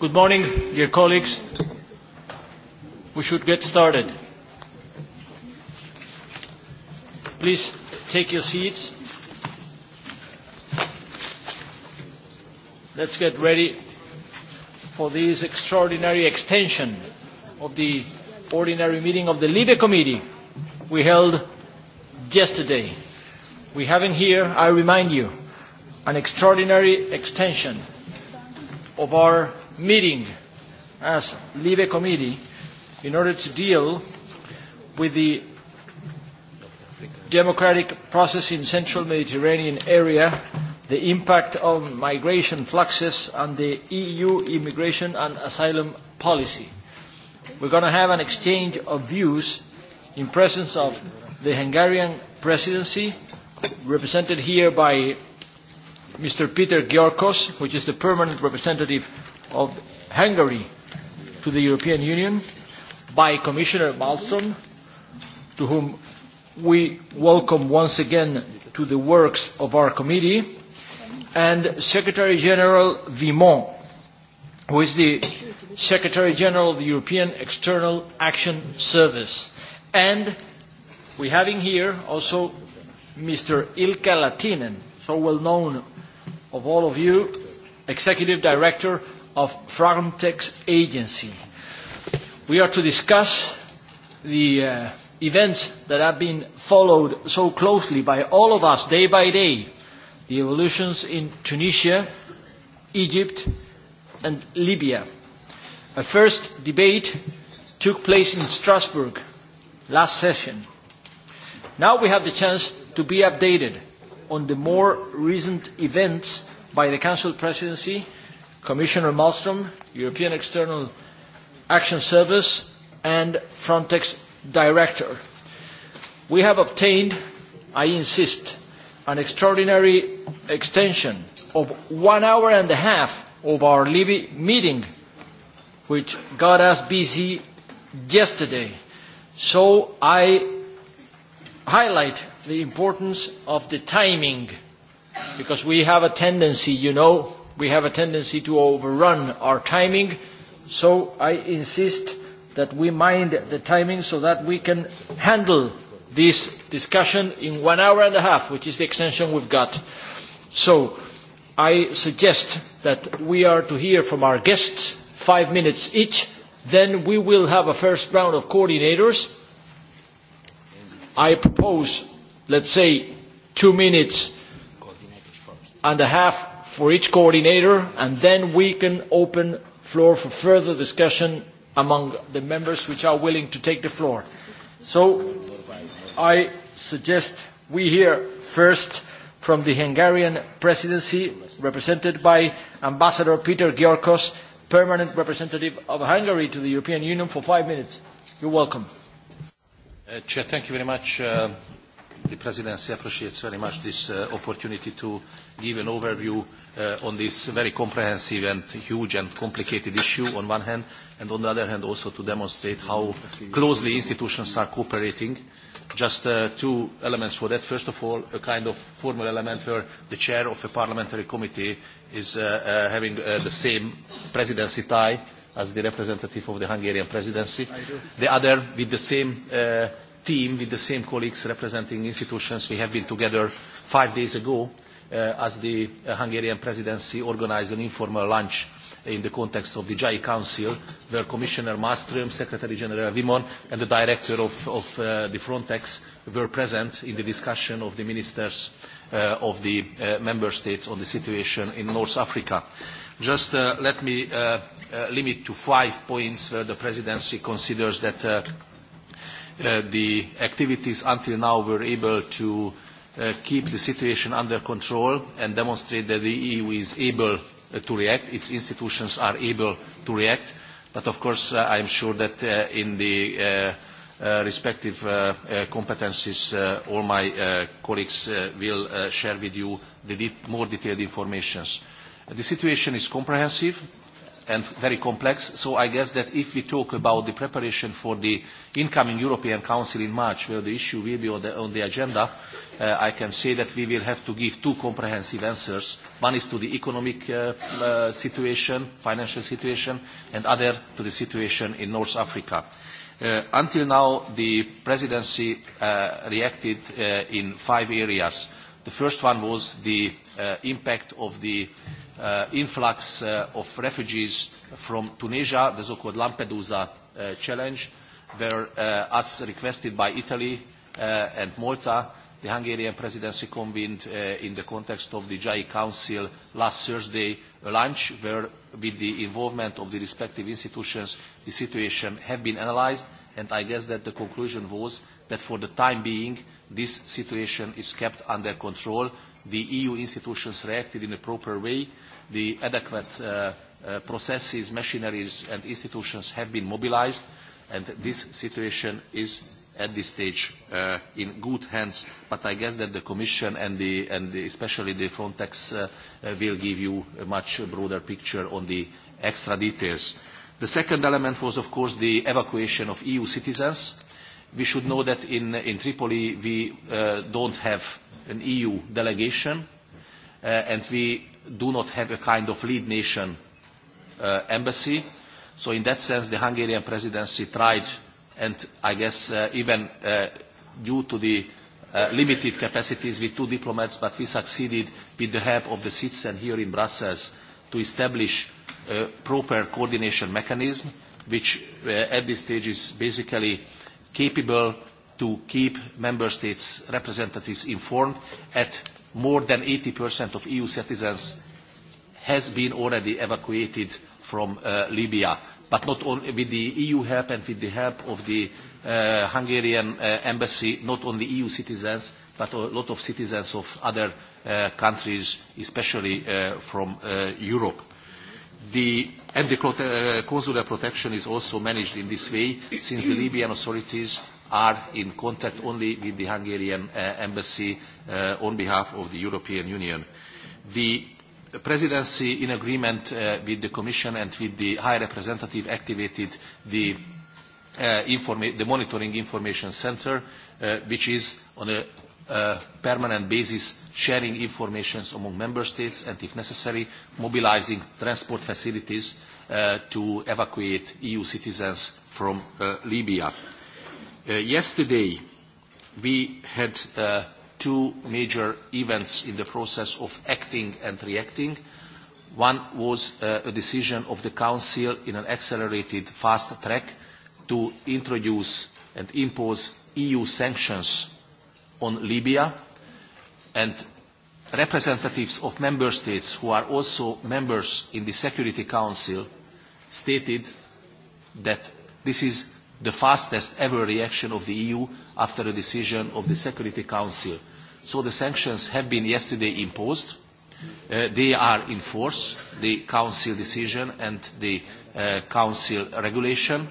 Good morning, dear colleagues. We should get started. Please take your seats. Let's get ready for this extraordinary extension of the ordinary meeting of the LIBE Committee we held yesterday. We have in here, I remind you, an extraordinary extension of our meeting as Libe Committee in order to deal with the democratic process in central Mediterranean area, the impact of migration fluxes and the EU immigration and asylum policy. We're going to have an exchange of views in presence of the Hungarian presidency, represented here by Mr. Peter Georgos, which is the permanent representative of Hungary to the European Union, by Commissioner Malson, to whom we welcome once again to the works of our committee, and Secretary General Vimon, who is the Secretary General of the European External Action Service. And we having here also Mr. Ilka Latinen, so well known of all of you, Executive Director of Frontex Agency. We are to discuss the uh, events that have been followed so closely by all of us day by day, the evolutions in Tunisia, Egypt and Libya. A first debate took place in Strasbourg last session. Now we have the chance to be updated on the more recent events by the Council Presidency, Commissioner Malmström, European External Action Service, and Frontex Director. We have obtained, I insist, an extraordinary extension of one hour and a half of our Libby meeting, which got us busy yesterday. So I highlight the importance of the timing, because we have a tendency, you know, we have a tendency to overrun our timing, so I insist that we mind the timing so that we can handle this discussion in one hour and a half, which is the extension we've got. So I suggest that we are to hear from our guests five minutes each. Then we will have a first round of coordinators. I propose let's say, two minutes and a half for each coordinator, and then we can open floor for further discussion among the members which are willing to take the floor. So I suggest we hear first from the Hungarian presidency, represented by Ambassador Peter Georgos, permanent representative of Hungary to the European Union for five minutes. You're welcome. Uh, Chair, thank you very much. Uh, the Presidency appreciates very much this uh, opportunity to give an overview uh, on this very comprehensive and huge and complicated issue on one hand, and on the other hand also to demonstrate how closely institutions are cooperating. Just uh, two elements for that. First of all, a kind of formal element where the chair of a parliamentary committee is uh, uh, having uh, the same presidency tie as the representative of the Hungarian presidency. The other with the same uh, team with the same colleagues representing institutions. We have been together five days ago uh, as the uh, Hungarian presidency organized an informal lunch in the context of the JAI Council, where Commissioner Malmström, Secretary General Vimon, and the Director of, of uh, the Frontex were present in the discussion of the ministers uh, of the uh, member states on the situation in North Africa. Just uh, let me uh, uh, limit to five points where the presidency considers that uh, Uh, the activities until now were able to uh, keep the situation under control and demonstrate that the EU is able uh, to react, its institutions are able to react. But of course, uh, I'm sure that uh, in the uh, uh, respective uh, uh, competencies, uh, all my uh, colleagues uh, will uh, share with you the de more detailed information. The situation is comprehensive and very complex. So I guess that if we talk about the preparation for the incoming European Council in March, where the issue will be on the, on the agenda, uh, I can say that we will have to give two comprehensive answers. One is to the economic uh, uh, situation, financial situation, and other to the situation in North Africa. Uh, until now, the presidency uh, reacted uh, in five areas. The first one was the uh, impact of the uh, uh, influx uh, of refugees from Tunisia, the so-called Lampedusa uh, challenge, where, uh, as requested by Italy uh, and Malta, the Hungarian presidency convened uh, in the context of the JAI Council last Thursday a lunch where, with the involvement of the respective institutions, the situation had been analyzed, and I guess that the conclusion was that for the time being, this situation is kept under control. The EU institutions reacted in a proper way the adequate uh, uh, processes, machineries and institutions have been mobilized and this situation is at this stage uh, in good hands, but I guess that the Commission and, the, and the, especially the Frontex uh, uh, will give you a much broader picture on the extra details. The second element was, of course, the evacuation of EU citizens. We should know that in, in Tripoli we uh, don't have an EU delegation, uh, and we do not have a kind of lead nation uh, embassy. So in that sense, the Hungarian presidency tried, and I guess uh, even uh, due to the uh, limited capacities with two diplomats, but we succeeded with the help of the citizen here in Brussels to establish a proper coordination mechanism, which uh, at this stage is basically capable to keep member states' representatives informed at more than 80% of EU citizens has been already evacuated from uh, Libya, but not only with the EU help and with the help of the uh, Hungarian uh, embassy, not only EU citizens, but a lot of citizens of other uh, countries, especially uh, from uh, Europe. The, and the uh, consular protection is also managed in this way, since the Libyan authorities are in contact only with the Hungarian uh, embassy uh, on behalf of the European Union. The presidency, in agreement uh, with the Commission and with the High Representative, activated the, uh, the Monitoring Information Center, uh, which is on a uh, permanent basis sharing information among member states and, if necessary, mobilizing transport facilities uh, to evacuate EU citizens from uh, Libya. Uh, yesterday, we had uh, two major events in the process of acting and reacting. One was uh, a decision of the Council in an accelerated fast track to introduce and impose EU sanctions on Libya and representatives of member states who are also members in the Security Council stated that this is the fastest ever reaction of the EU after a decision of the Security Council. So the sanctions have been yesterday imposed. Uh, they are in force, the Council decision and the uh, Council regulation.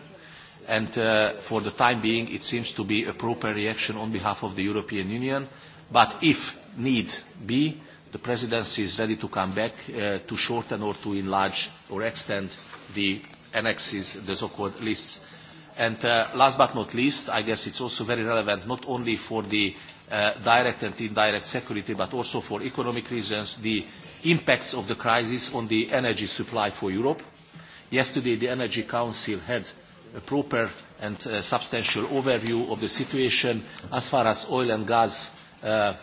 And uh, for the time being, it seems to be a proper reaction on behalf of the European Union. But if need be, the presidency is ready to come back uh, to shorten or to enlarge or extend the annexes, the so-called lists And uh, last but not least, I guess it's also very relevant not only for the uh, direct and indirect security, but also for economic reasons, the impacts of the crisis on the energy supply for Europe. Yesterday, the Energy Council had a proper and uh, substantial overview of the situation as far as oil and gas uh,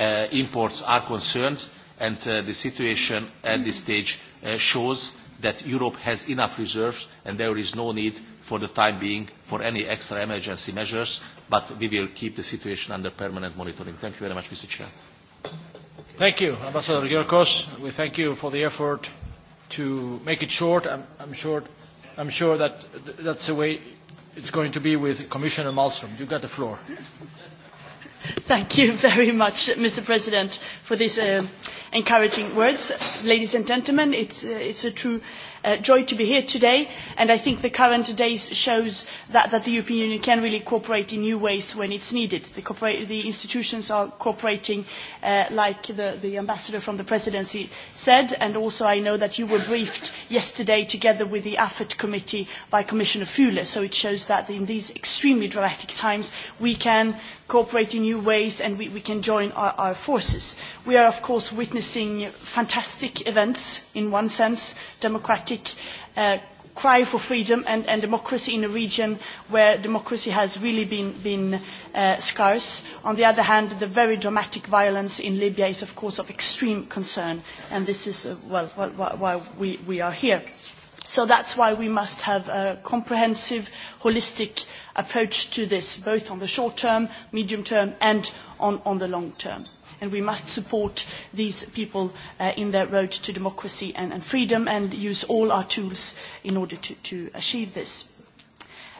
uh, imports are concerned, and uh, the situation at this stage uh, shows that Europe has enough reserves and there is no need for the time being for any extra emergency measures, but we will keep the situation under permanent monitoring. Thank you very much, Mr. Chair. Thank you, Ambassador Georgos. We thank you for the effort to make it short. I'm, I'm, sure, I'm sure that that's the way it's going to be with Commissioner Malmström. You've got the floor. Thank you very much, Mr. President, for these uh, encouraging words. Ladies and gentlemen, it's, uh, it's a true uh, joy to be here today, and I think the current days shows that, that the European Union can really cooperate in new ways when it's needed. The, the institutions are cooperating, uh, like the, the ambassador from the presidency said, and also I know that you were briefed yesterday together with the AFET committee by Commissioner Fule, so it shows that in these extremely dramatic times we can cooperate in new ways and we, we can join our, our forces. We are of course witnessing fantastic events in one sense, democratic democratic uh, cry for freedom and, and democracy in a region where democracy has really been, been uh, scarce. On the other hand, the very dramatic violence in Libya is, of course, of extreme concern, and this is, uh, well, well, why we, we are here. So that's why we must have a comprehensive, holistic approach to this, both on the short term, medium term, and on, on the long term. And we must support these people uh, in their road to democracy and, and freedom and use all our tools in order to, to achieve this.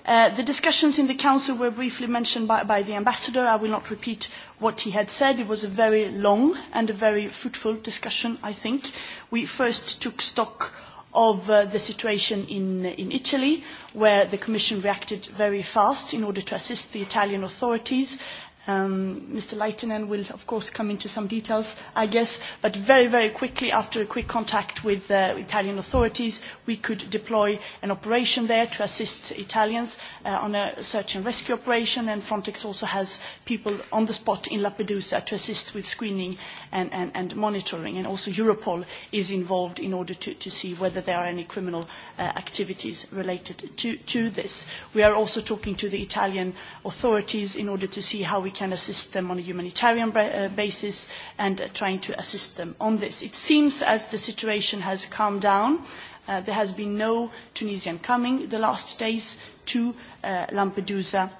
Uh, the discussions in the Council were briefly mentioned by, by the Ambassador. I will not repeat what he had said. It was a very long and a very fruitful discussion, I think. We first took stock of uh, the situation in, uh, in Italy, where the Commission reacted very fast in order to assist the Italian authorities Um, Mr. Leitinen will, of course, come into some details, I guess, but very, very quickly, after a quick contact with uh, Italian authorities, we could deploy an operation there to assist Italians uh, on a search and rescue operation, and Frontex also has people on the spot in Lampedusa to assist with screening and, and, and monitoring, and also Europol is involved in order to, to see whether there are any criminal uh, activities related to, to this. We are also talking to the Italian authorities in order to see how we can assist them on a humanitarian uh, basis and uh, trying to assist them on this. It seems as the situation has calmed down. Uh, there has been no Tunisian coming the last days to uh, Lampedusa,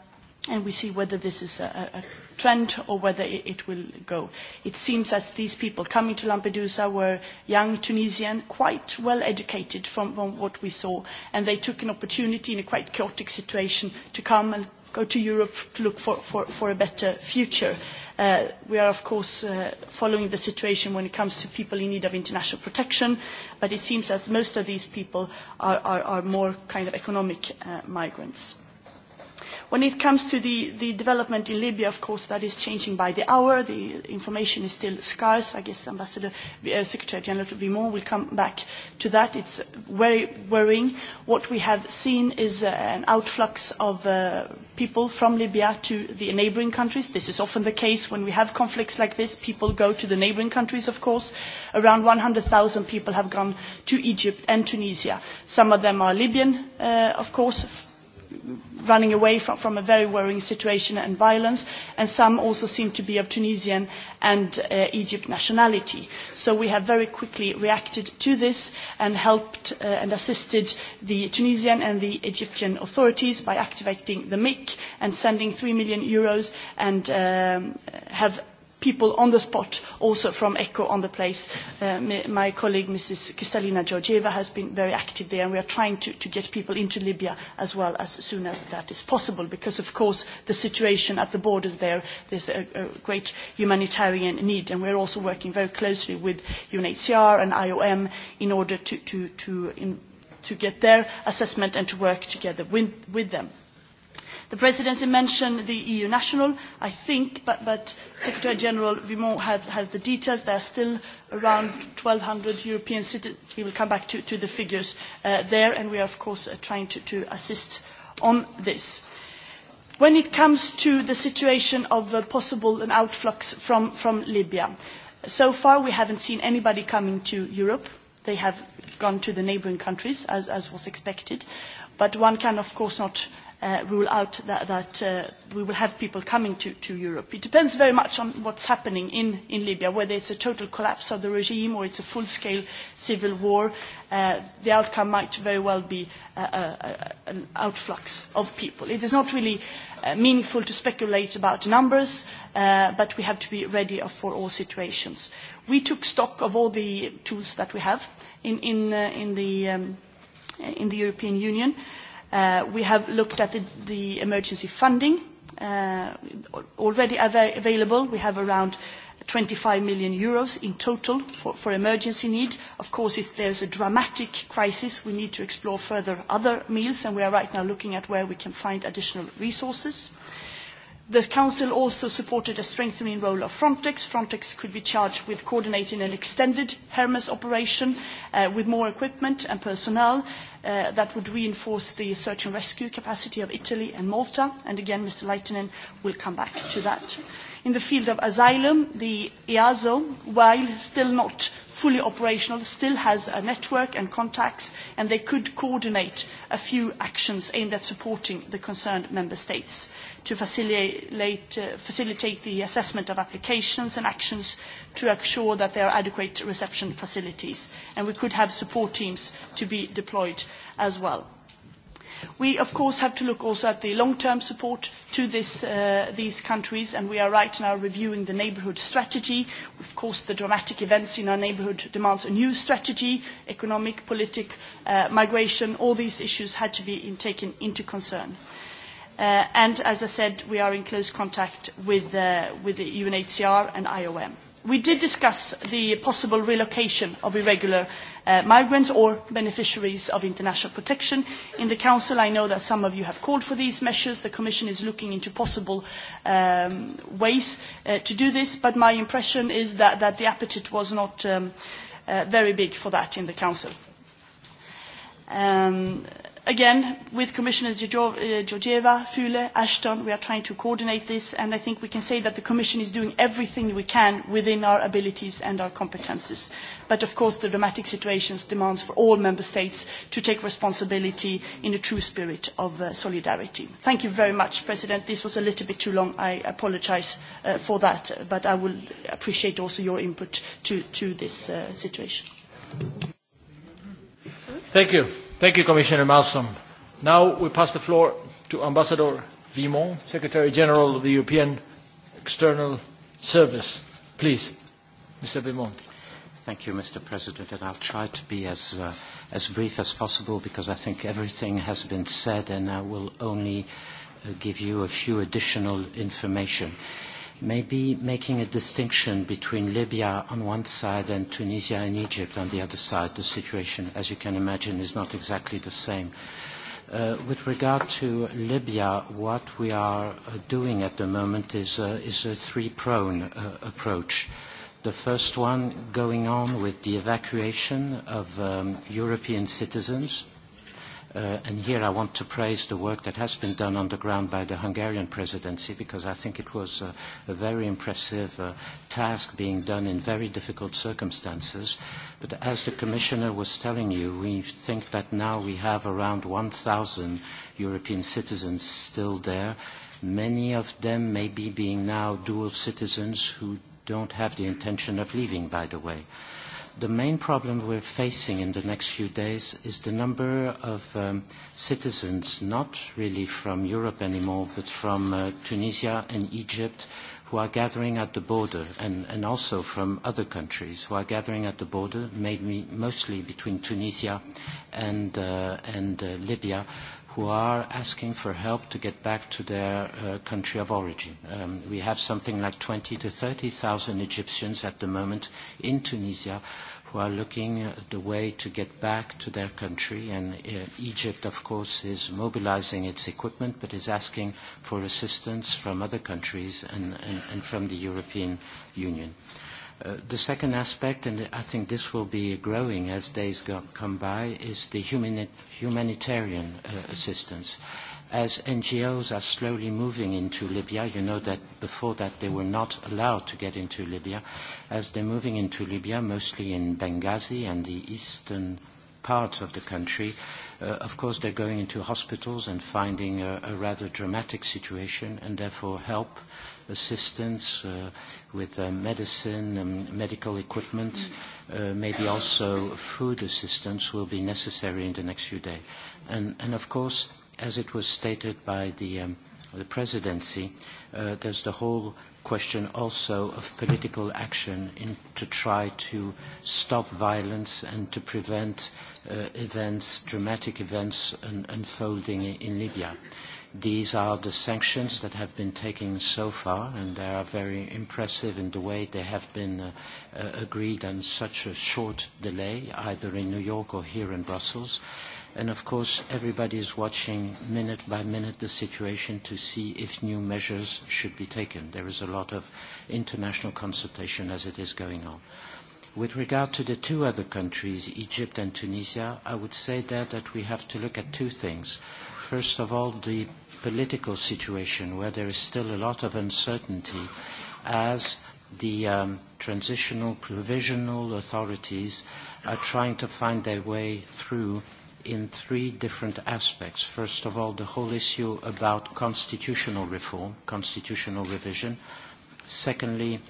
and we see whether this is a, a trend or whether it, it will go. It seems as these people coming to Lampedusa were young Tunisian, quite well educated from, from what we saw, and they took an opportunity in a quite chaotic situation to come and go to Europe to look for, for, for a better future. Uh, we are, of course, uh, following the situation when it comes to people in need of international protection, but it seems as most of these people are, are, are more kind of economic uh, migrants. When it comes to the, the development in Libya, of course, that is changing by the hour. The information is still scarce. I guess Ambassador uh, Secretary General Vimon will come back to that. It's very worrying. What we have seen is uh, an outflux of uh, people from Libya to the neighboring countries. This is often the case when we have conflicts like this. People go to the neighboring countries, of course. Around 100,000 people have gone to Egypt and Tunisia. Some of them are Libyan, uh, of course running away from, from a very worrying situation and violence, and some also seem to be of Tunisian and uh, Egypt nationality. So we have very quickly reacted to this and helped uh, and assisted the Tunisian and the Egyptian authorities by activating the MIC and sending 3 million euros and um, have people on the spot, also from ECHO on the place. Uh, my colleague, Mrs. Kristalina Georgieva, has been very active there, and we are trying to, to get people into Libya as well as soon as that is possible, because, of course, the situation at the borders there, there's a, a great humanitarian need, and we're also working very closely with UNHCR and IOM in order to, to, to, in, to get their assessment and to work together with, with them. The Presidency mentioned the EU national, I think, but, but Secretary General Vimon has, has the details. There are still around 1,200 European citizens. We will come back to, to the figures uh, there, and we are, of course, uh, trying to, to assist on this. When it comes to the situation of uh, possible an outflux from, from Libya, so far we haven't seen anybody coming to Europe. They have gone to the neighboring countries, as, as was expected. But one can, of course, not uh, rule out that, that uh, we will have people coming to, to Europe. It depends very much on what's happening in, in Libya, whether it's a total collapse of the regime or it's a full-scale civil war. Uh, the outcome might very well be uh, uh, uh, an outflux of people. It is not really uh, meaningful to speculate about numbers, uh, but we have to be ready for all situations. We took stock of all the tools that we have in, in, uh, in, the, um, in the European Union. Uh, Uh, we have looked at the, the emergency funding uh, already av available. We have around 25 million euros in total for, for emergency need. Of course, if there's a dramatic crisis, we need to explore further other meals, and we are right now looking at where we can find additional resources. Uh, The Council also supported a strengthening role of Frontex. Frontex could be charged with coordinating an extended Hermes operation uh, with more equipment and personnel uh, that would reinforce the search and rescue capacity of Italy and Malta. And again, Mr. Leitinen will come back to that. In the field of asylum, the EASO, while still not fully operational, still has a network and contacts, and they could coordinate a few actions aimed at supporting the concerned member states to facilitate, uh, facilitate the assessment of applications and actions to ensure that there are adequate reception facilities. And we could have support teams to be deployed as well. We, of course, have to look also at the long-term support to this, uh, these countries, and we are right now reviewing the neighbourhood strategy. Of course, the dramatic events in our neighbourhood demands a new strategy, economic, political, uh, migration, all these issues had to be in, taken into concern. Uh, and as I said, we are in close contact with, uh, with the UNHCR and IOM. We did discuss the possible relocation of irregular uh, migrants or beneficiaries of international protection. In the Council, I know that some of you have called for these measures. The Commission is looking into possible um, ways uh, to do this, but my impression is that, that the appetite was not um, uh, very big for that in the Council. Um, Again, with Commissioners uh, Georgieva, Fule, Ashton, we are trying to coordinate this, and I think we can say that the Commission is doing everything we can within our abilities and our competences. But of course, the dramatic situation demands for all Member States to take responsibility in a true spirit of uh, solidarity. Thank you very much, President. This was a little bit too long. I apologize uh, for that, but I will appreciate also your input to, to this uh, situation. Thank you. Thank you, Commissioner Malmström. Now we pass the floor to Ambassador Vimon, Secretary General of the European External Service. Please, Mr. Vimon. Thank you, Mr. President, and I'll try to be as, uh, as brief as possible because I think everything has been said and I will only uh, give you a few additional information. Uh, maybe making a distinction between Libya on one side and Tunisia and Egypt on the other side. The situation, as you can imagine, is not exactly the same. Uh, with regard to Libya, what we are uh, doing at the moment is, uh, is a three-prone uh, approach. The first one going on with the evacuation of um, European citizens Uh, and here I want to praise the work that has been done on the ground by the Hungarian presidency because I think it was a, a very impressive uh, task being done in very difficult circumstances. But as the Commissioner was telling you, we think that now we have around 1,000 European citizens still there, many of them maybe being now dual citizens who don't have the intention of leaving, by the way. Uh, the main problem we're facing in the next few days is the number of um, citizens, not really from Europe anymore, but from uh, Tunisia and Egypt, who are gathering at the border, and, and also from other countries who are gathering at the border, mainly, mostly between Tunisia and, uh, and uh, Libya, who are asking for help to get back to their uh, country of origin. Um, we have something like 20 to 30,000 Egyptians at the moment in Tunisia who are looking at the way to get back to their country. And uh, Egypt, of course, is mobilizing its equipment, but is asking for assistance from other countries and, and, and from the European Union. Uh, the second aspect, and I think this will be growing as days go, come by, is the humani humanitarian uh, assistance. As NGOs are slowly moving into Libya, you know that before that they were not allowed to get into Libya, as they're moving into Libya, mostly in Benghazi and the eastern part of the country, uh, of course they're going into hospitals and finding a, a rather dramatic situation and therefore help, assistance, uh, with uh, medicine, and medical equipment, mm. uh, maybe also food assistance will be necessary in the next few days. And, and of course, as it was stated by the, um, the presidency, uh, there's the whole question also of political action in, to try to stop violence and to prevent uh, events, dramatic events un unfolding in Libya. These are the sanctions that have been taken so far, and they are very impressive in the way they have been uh, uh, agreed on such a short delay, either in New York or here in Brussels. And of course, everybody is watching minute by minute the situation to see if new measures should be taken. There is a lot of international consultation as it is going on. With regard to the two other countries, Egypt and Tunisia, I would say there that we have to look at two things first of all, the political situation where there is still a lot of uncertainty as the um, transitional provisional authorities are trying to find their way through in three different aspects. First of all, the whole issue about constitutional reform, constitutional revision. Secondly,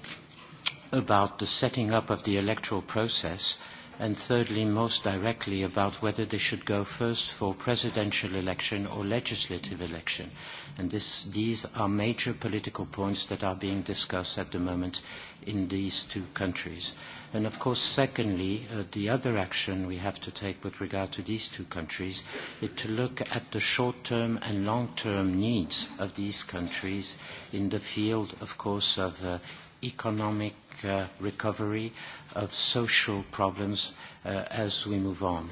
about the setting up of the electoral process and thirdly, most directly, about whether they should go first for presidential election or legislative election. And this, these are major political points that are being discussed at the moment in these two countries. And of course, secondly, uh, the other action we have to take with regard to these two countries is to look at the short-term and long-term needs of these countries in the field, of course, of uh, economic uh, recovery, of social problems uh, as we move on.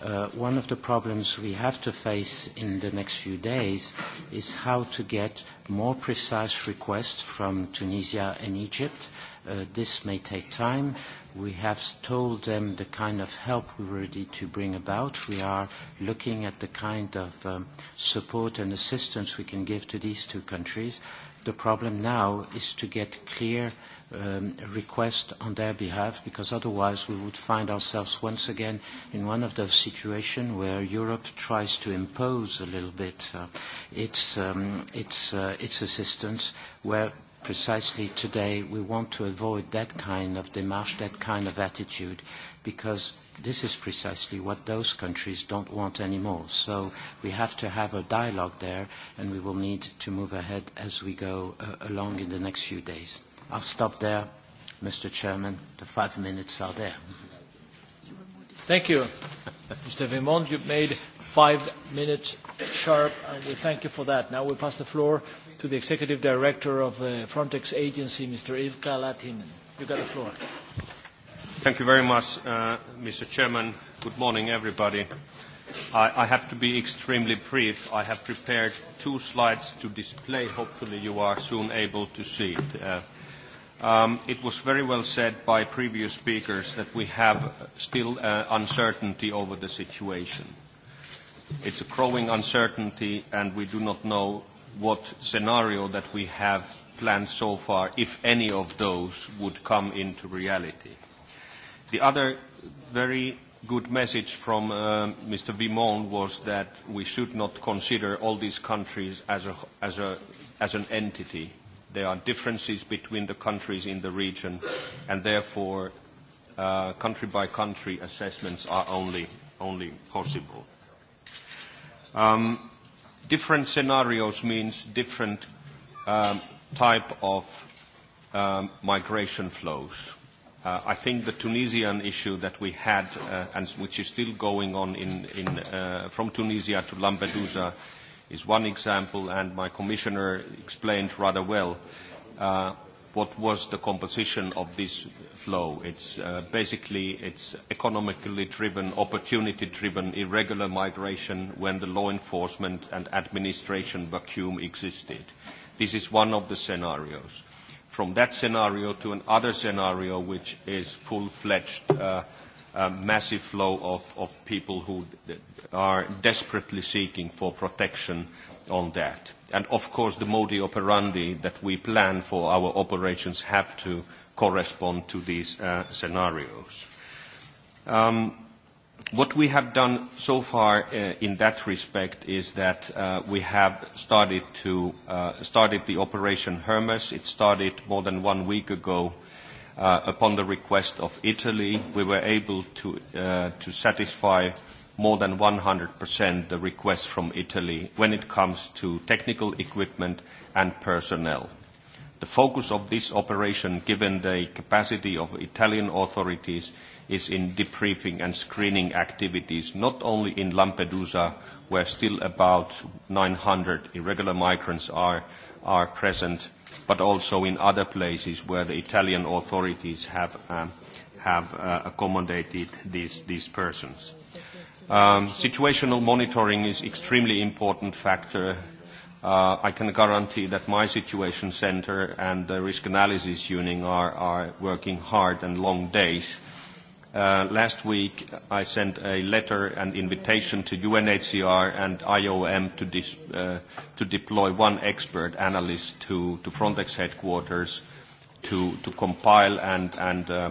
Uh, one of the problems we have to face in the next few days is how to get more precise requests from Tunisia and Egypt. Uh, this may take time. We have told them the kind of help we were ready to bring about. We are looking at the kind of um, support and assistance we can give to these two countries. The problem now is to get clear um, request on their behalf because otherwise we would find ourselves once again in one of those situations where Europe tries to impose a little bit uh, its, um, its, uh, its assistance where precisely today we want to avoid that kind of démarche, that kind of attitude because this is precisely what those countries don't want anymore. So we have to have a dialogue there and we will need to move ahead as we go uh, along in the next few days. I'll stop there, Mr. Chairman. The five minutes are there. Thank you, Mr. Vimont. You've made five minutes sharp, and we thank you for that. Now we pass the floor to the Executive Director of the uh, Frontex Agency, Mr. Ivka Latin. You got the floor. Thank you very much, uh, Mr. Chairman. Good morning, everybody. I, I have to be extremely brief. I have prepared two slides to display. Hopefully you are soon able to see it. Uh, Um, it was very well said by previous speakers that we have still uh, uncertainty over the situation. It's a growing uncertainty, and we do not know what scenario that we have planned so far, if any of those would come into reality. The other very good message from uh, Mr. Vimon was that we should not consider all these countries as, a, as, a, as an entity there are differences between the countries in the region, and therefore uh, country by country assessments are only, only possible. Um, different scenarios means different um, type of um, migration flows. Uh, I think the Tunisian issue that we had, uh, and which is still going on in, in, uh, from Tunisia to Lampedusa, is one example, and my commissioner explained rather well uh, what was the composition of this flow. It's uh, basically it's economically driven, opportunity driven, irregular migration when the law enforcement and administration vacuum existed. This is one of the scenarios. From that scenario to another scenario which is full-fledged uh, a massive flow of, of people who are desperately seeking for protection on that. And of course the modi operandi that we plan for our operations have to correspond to these uh, scenarios. Um, what we have done so far uh, in that respect is that uh, we have started, to, uh, started the Operation Hermes. It started more than one week ago uh, upon the request of Italy, we were able to, uh, to satisfy more than 100% the request from Italy when it comes to technical equipment and personnel. The focus of this operation, given the capacity of Italian authorities, is in debriefing and screening activities, not only in Lampedusa, where still about 900 irregular migrants are, are present, but also in other places where the Italian authorities have, uh, have uh, accommodated these, these persons. Um, situational monitoring is an extremely important factor. Uh, I can guarantee that my Situation Center and the Risk Analysis Unit are, are working hard and long days Uh, last week, I sent a letter and invitation to UNHCR and IOM to, dis, uh, to deploy one expert analyst to, to Frontex headquarters to, to compile and, and, uh,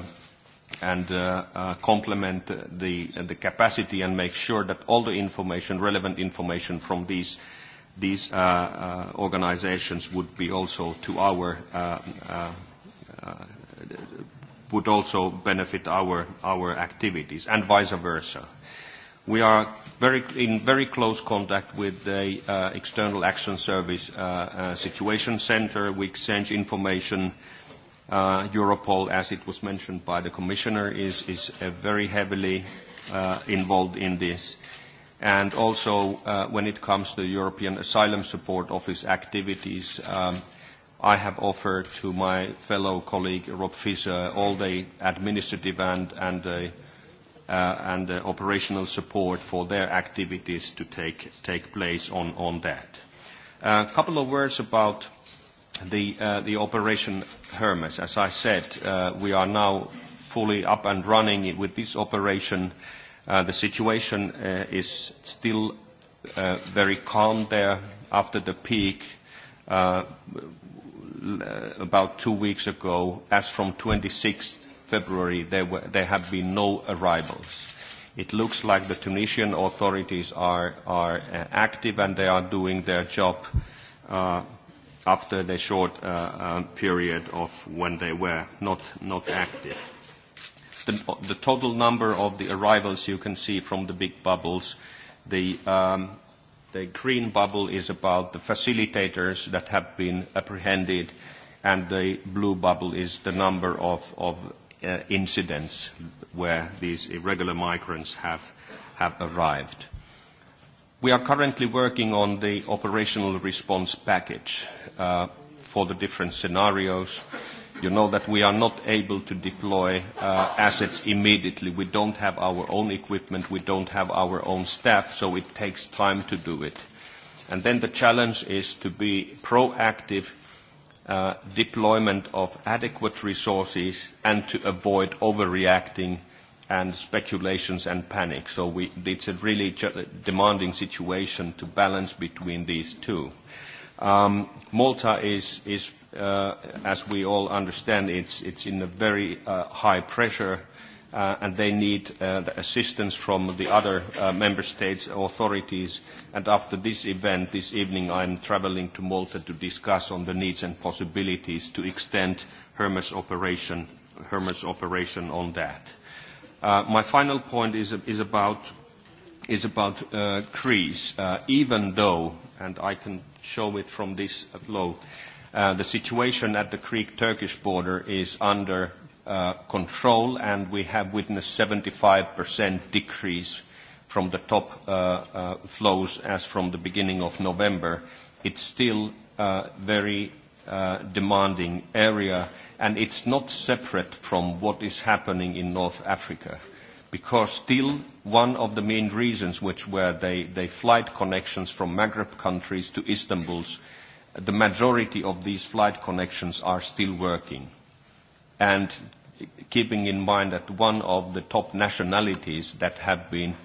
and uh, uh, complement the, the capacity and make sure that all the information, relevant information from these, these uh, uh, organizations would be also to our uh, uh, would also benefit our, our activities and vice versa. We are very, in very close contact with the uh, External Action Service uh, uh, Situation Center. We exchange information. Uh, Europol, as it was mentioned by the Commissioner, is, is uh, very heavily uh, involved in this. And also, uh, when it comes to the European Asylum Support Office activities, um, I have offered to my fellow colleague Rob Fischer all the administrative and, and, uh, uh, and uh, operational support for their activities to take, take place on, on that. A uh, couple of words about the, uh, the Operation Hermes. As I said, uh, we are now fully up and running with this operation. Uh, the situation uh, is still uh, very calm there after the peak. Uh, Uh, about two weeks ago, as from 26th February, there, were, there have been no arrivals. It looks like the Tunisian authorities are, are uh, active and they are doing their job uh, after the short uh, uh, period of when they were not, not active. The, the total number of the arrivals you can see from the big bubbles, the um, The green bubble is about the facilitators that have been apprehended, and the blue bubble is the number of, of uh, incidents where these irregular migrants have, have arrived. We are currently working on the operational response package uh, for the different scenarios. You know that we are not able to deploy uh, assets immediately. We don't have our own equipment. We don't have our own staff, so it takes time to do it. And then the challenge is to be proactive uh, deployment of adequate resources and to avoid overreacting and speculations and panic. So we, it's a really demanding situation to balance between these two. Um, Malta is, is uh, as we all understand, it's, it's in a very uh, high pressure uh, and they need uh, the assistance from the other uh, member states authorities. And after this event, this evening, I'm traveling to Malta to discuss on the needs and possibilities to extend Hermes operation, Hermes operation on that. Uh, my final point is, is about, is about uh, Greece. Uh, even though, and I can show it from this flow, uh, Uh, the situation at the Greek-Turkish border is under uh, control, and we have witnessed 75% decrease from the top uh, uh, flows as from the beginning of November. It's still uh, very uh, demanding area, and it's not separate from what is happening in North Africa because still one of the main reasons which were the, the flight connections from Maghreb countries to Istanbul's the majority of these flight connections are still working. And keeping in mind that one of the top nationalities that have been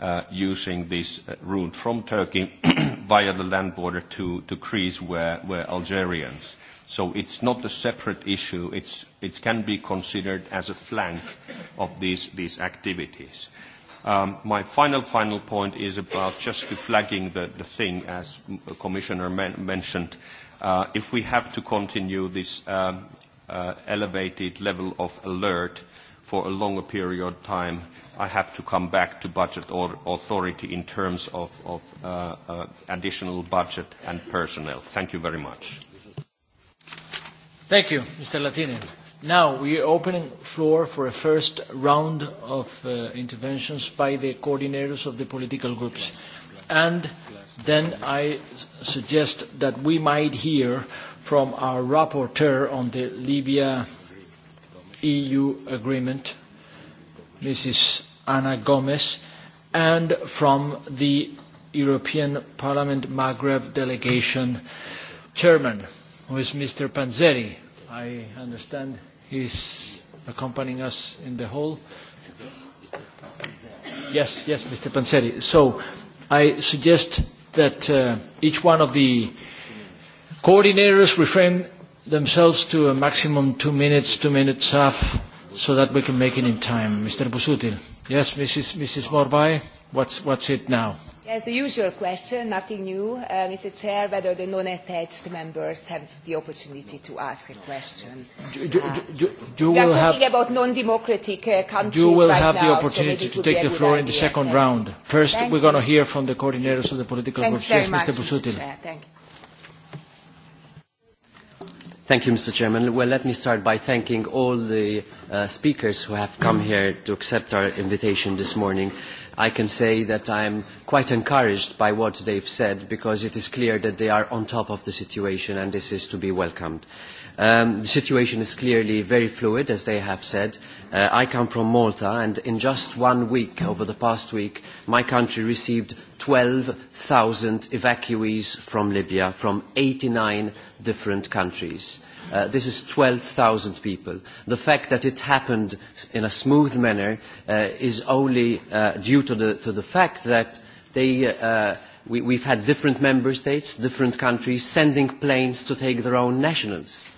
uh, using this uh, route from Turkey via the land border to, to Greece were, were Algerians. So it's not a separate issue. It's, it can be considered as a flank of these, these activities. Um, my final, final point is about just to flagging the, the thing, as the Commissioner men mentioned, uh, if we have to continue this um, uh, elevated level of alert for a longer period of time, I have to come back to budget or authority in terms of, of uh, uh, additional budget and personnel. Thank you very much. Thank you, Mr. Latini. Now we are opening floor for a first round of uh, interventions by the coordinators of the political groups. And then I suggest that we might hear from our rapporteur on the Libya-EU agreement, Mrs. Anna Gomez, and from the European Parliament Maghreb delegation chairman, who is Mr. Panzeri. I understand He's accompanying us in the hall. Yes, yes, Mr. Panzeri. So I suggest that uh, each one of the coordinators refrain themselves to a maximum two minutes, two minutes half, so that we can make it in time. Mr. Busutil. Yes, Mrs. Mrs. Morbai, what's, what's it now? Yes, the usual question, nothing new, uh, Mr. Chair, whether the non-attached members have the opportunity to ask a question. Do, do, uh, do, do do we are talking have, about non-democratic uh, countries You will right have now, the opportunity so to take the floor in the second Thank round. First, Thank we're going to hear from the coordinators of the political Thanks groups. Yes, much, Mr. Busutil. Mr. Thank Thank you, Mr. Chairman. Well, let me start by thanking all the uh, speakers who have come here to accept our invitation this morning. Uh, I can say that I'm quite encouraged by what they've said because it is clear that they are on top of the situation and this is to be welcomed. Um, the situation is clearly very fluid, as they have said. Uh, I come from Malta, and in just one week, over the past week, my country received 12,000 evacuees from Libya from 89 different countries. Uh, this is 12,000 people. The fact that it happened in a smooth manner uh, is only uh, due to the, to the fact that they, uh, we, we've had different member states, different countries sending planes to take their own nationals.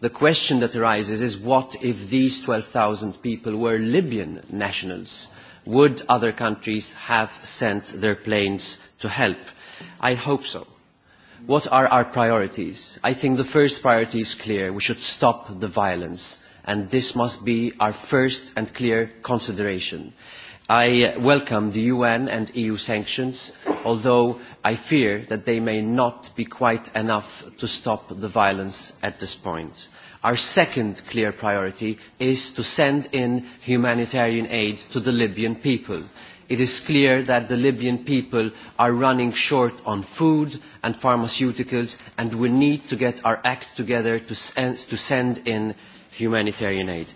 The question that arises is what if these 12,000 people were Libyan nationals? Would other countries have sent their planes to help? I hope so what are our priorities? I think the first priority is clear. We should stop the violence, and this must be our first and clear consideration. I welcome the UN and EU sanctions, although I fear that they may not be quite enough to stop the violence at this point. Our second clear priority is to send in humanitarian aid to the Libyan people it is clear that the Libyan people are running short on food and pharmaceuticals and we need to get our act together to send, to send in humanitarian aid.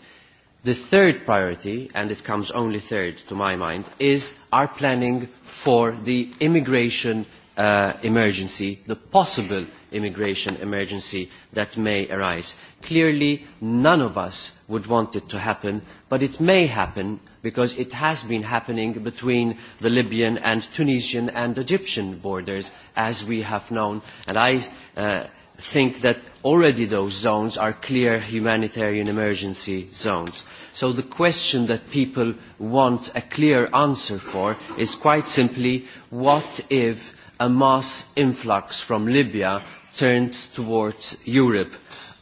The third priority, and it comes only third to my mind, is our planning for the immigration uh, emergency, the possible immigration emergency that may arise. Clearly, none of us would want it to happen, but it may happen because it has been happening between the Libyan and Tunisian and Egyptian borders, as we have known. And I uh, think that already those zones are clear humanitarian emergency zones. So the question that people want a clear answer for is quite simply, what if a mass influx from Libya turns towards Europe?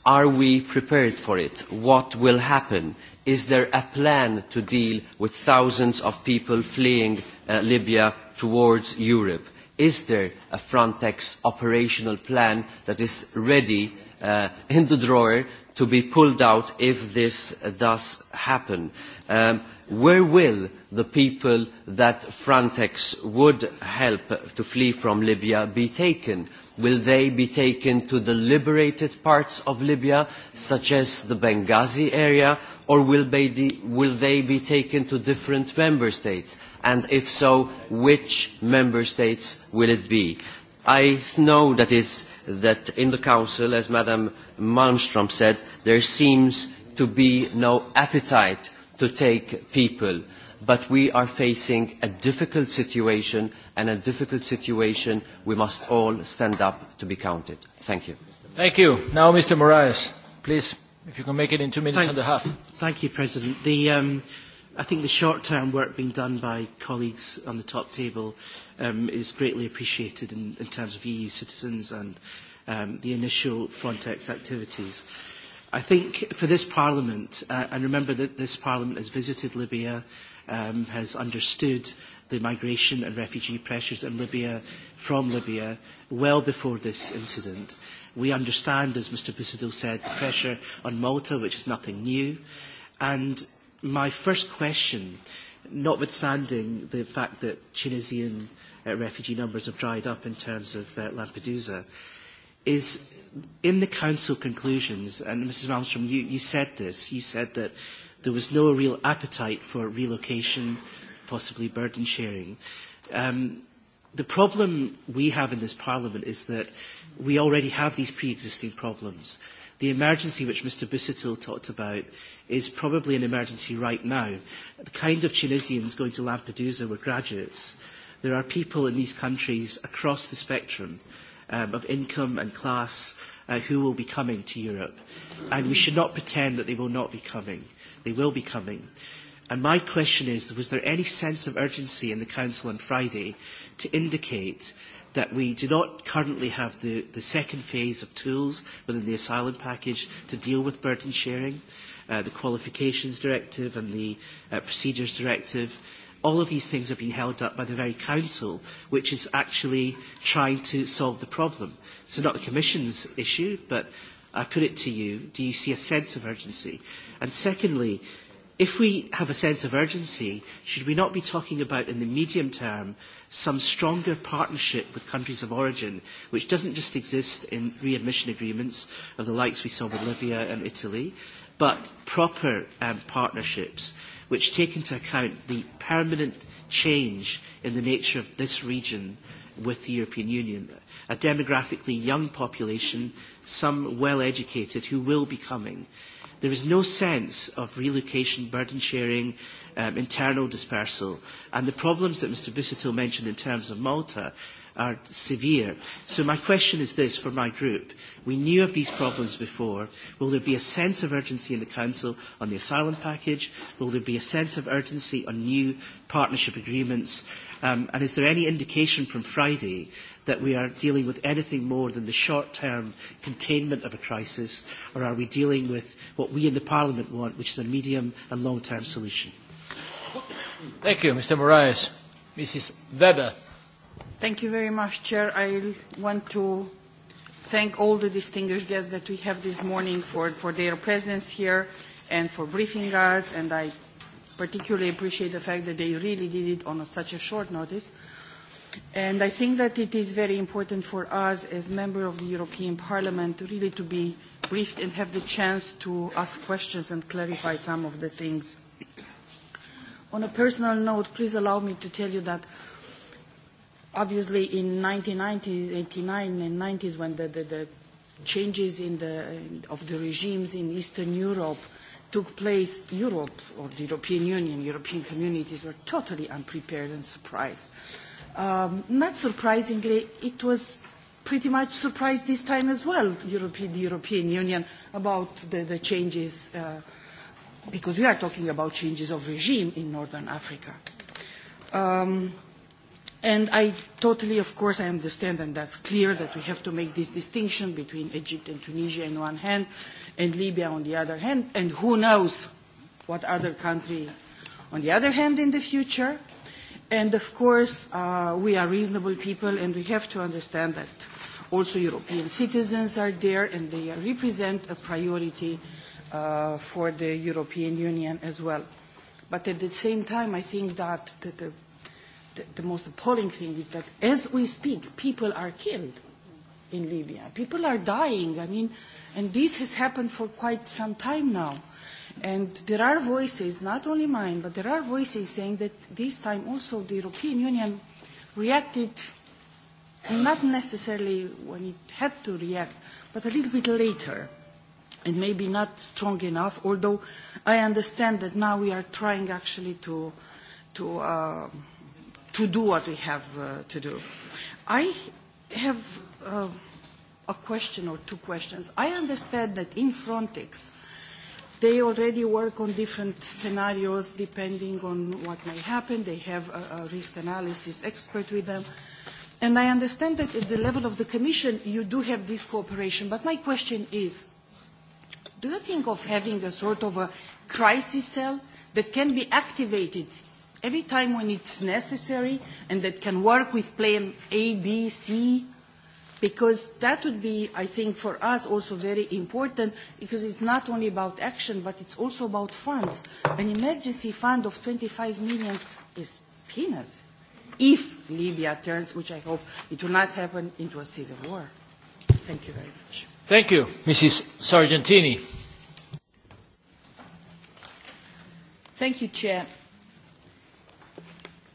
Are we prepared for it? What will happen? Is there a plan to deal with thousands of people fleeing uh, Libya towards Europe? Is there a Frontex operational plan that is ready uh, in the drawer to be pulled out if this does happen? Um, where will the people that Frontex would help to flee from Libya be taken? Will they be taken to the liberated parts of Libya, such as the Benghazi area, or will they, be, will they be taken to different member states? And if so, which member states will it be? I know that, is, that in the Council, as Madam Malmström said, there seems to be no appetite to take people but we are facing a difficult situation, and a difficult situation we must all stand up to be counted. Thank you. Thank you. Now, Mr. Moraes, please, if you can make it in two minutes thank, and a half. Thank you, President. The, um, I think the short-term work being done by colleagues on the top table um, is greatly appreciated in, in terms of EU citizens and um, the initial Frontex activities. I think for this Parliament, uh, and remember that this Parliament has visited Libya, um, has understood the migration and refugee pressures in Libya from Libya well before this incident. We understand, as Mr Busudil said, the pressure on Malta, which is nothing new. And my first question, notwithstanding the fact that Tunisian uh, refugee numbers have dried up in terms of uh, Lampedusa, is in the Council conclusions, and Mrs Malmstrom, you, you said this, you said that there was no real appetite for relocation, possibly burden sharing. Um, the problem we have in this Parliament is that we already have these pre-existing problems. The emergency which Mr Busuttil talked about is probably an emergency right now. The kind of Tunisians going to Lampedusa were graduates. There are people in these countries across the spectrum um, of income and class uh, who will be coming to Europe. And we should not pretend that they will not be coming. They will be coming. And my question is, was there any sense of urgency in the Council on Friday to indicate that we do not currently have the, the second phase of tools within the asylum package to deal with burden sharing, uh, the qualifications directive and the uh, procedures directive. All of these things are being held up by the very council, which is actually trying to solve the problem. So not the commission's issue, but I put it to you, do you see a sense of urgency? And secondly, if we have a sense of urgency, should we not be talking about in the medium term some stronger partnership with countries of origin, which doesn't just exist in readmission agreements of the likes we saw with Libya and Italy, but proper um, partnerships which take into account the permanent change in the nature of this region with the European Union. A demographically young population, some well educated, who will be coming. There is no sense of relocation, burden sharing, um, internal dispersal. And the problems that Mr. Busuttil mentioned in terms of Malta are severe. So my question is this for my group. We knew of these problems before. Will there be a sense of urgency in the Council on the asylum package? Will there be a sense of urgency on new partnership agreements? Um, and is there any indication from Friday that we are dealing with anything more than the short-term containment of a crisis, or are we dealing with what we in the Parliament want, which is a medium and long-term solution? Thank you, Mr. Moraes. Mrs. Weber. Thank you very much, Chair. I want to thank all the distinguished guests that we have this morning for, for their presence here and for briefing us, and I particularly appreciate the fact that they really did it on a, such a short notice. And I think that it is very important for us as members of the European Parliament to really to be briefed and have the chance to ask questions and clarify some of the things. On a personal note, please allow me to tell you that obviously in 1990s, 89 and 90s when the, the, the changes in the, of the regimes in Eastern Europe took place, Europe or the European Union, European communities were totally unprepared and surprised. Uh, Um, not surprisingly, it was pretty much surprised this time as well, the European, the European Union, about the, the changes, uh, because we are talking about changes of regime in Northern Africa. Um, and I totally, of course, I understand, and that's clear, that we have to make this distinction between Egypt and Tunisia on one hand, and Libya on the other hand, and who knows what other country on the other hand in the future. And of course, uh, we are reasonable people and we have to understand that also European citizens are there and they represent a priority uh, for the European Union as well. But at the same time, I think that the, the, the most appalling thing is that as we speak, people are killed in Libya. People are dying. I mean, and this has happened for quite some time now. And there are voices, not only mine, but there are voices saying that this time also the European Union reacted not necessarily when it had to react, but a little bit later and maybe not strong enough, although I understand that now we are trying actually to, to, uh, to do what we have uh, to do. I have uh, a question or two questions. I understand that in Frontex, They already work on different scenarios depending on what may happen. They have a, a risk analysis expert with them. And I understand that at the level of the Commission you do have this cooperation, but my question is, do you think of having a sort of a crisis cell that can be activated every time when it's necessary and that can work with plan A, B, C, because that would be, I think, for us also very important because it's not only about action, but it's also about funds. An emergency fund of 25 million is peanuts if Libya turns, which I hope it will not happen, into a civil war. Thank you very much. Thank you, Mrs. Sargentini. Thank you, Chair.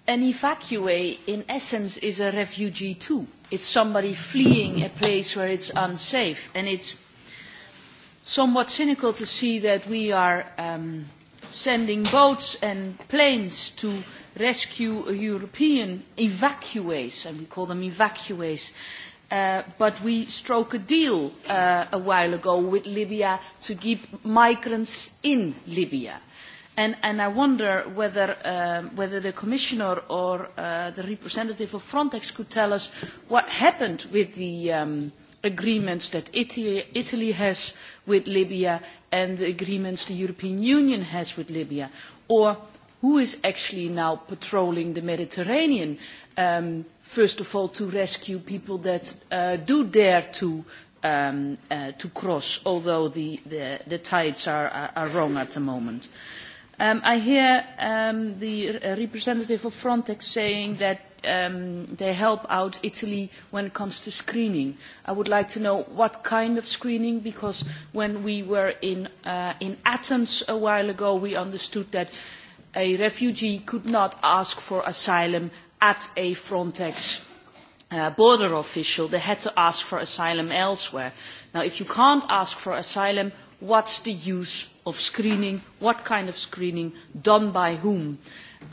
An evacuee, in essence, is a refugee too It's somebody fleeing a place where it's unsafe. And it's somewhat cynical to see that we are um, sending boats and planes to rescue European evacuees, and we call them evacuees. Uh, but we struck a deal uh, a while ago with Libya to keep migrants in Libya. And, and I wonder whether, uh, whether the commissioner or uh, the representative of Frontex could tell us what happened with the um, agreements that Italy, Italy has with Libya and the agreements the European Union has with Libya, or who is actually now patrolling the Mediterranean, um, first of all, to rescue people that uh, do dare to um, uh, to cross, although the, the, the tides are, are, are wrong at the moment. Um, I hear um, the representative of Frontex saying that um, they help out Italy when it comes to screening. I would like to know what kind of screening, because when we were in, uh, in Athens a while ago, we understood that a refugee could not ask for asylum at a Frontex uh, border official. They had to ask for asylum elsewhere. Now, if you can't ask for asylum, what's the use of screening, what kind of screening, done by whom.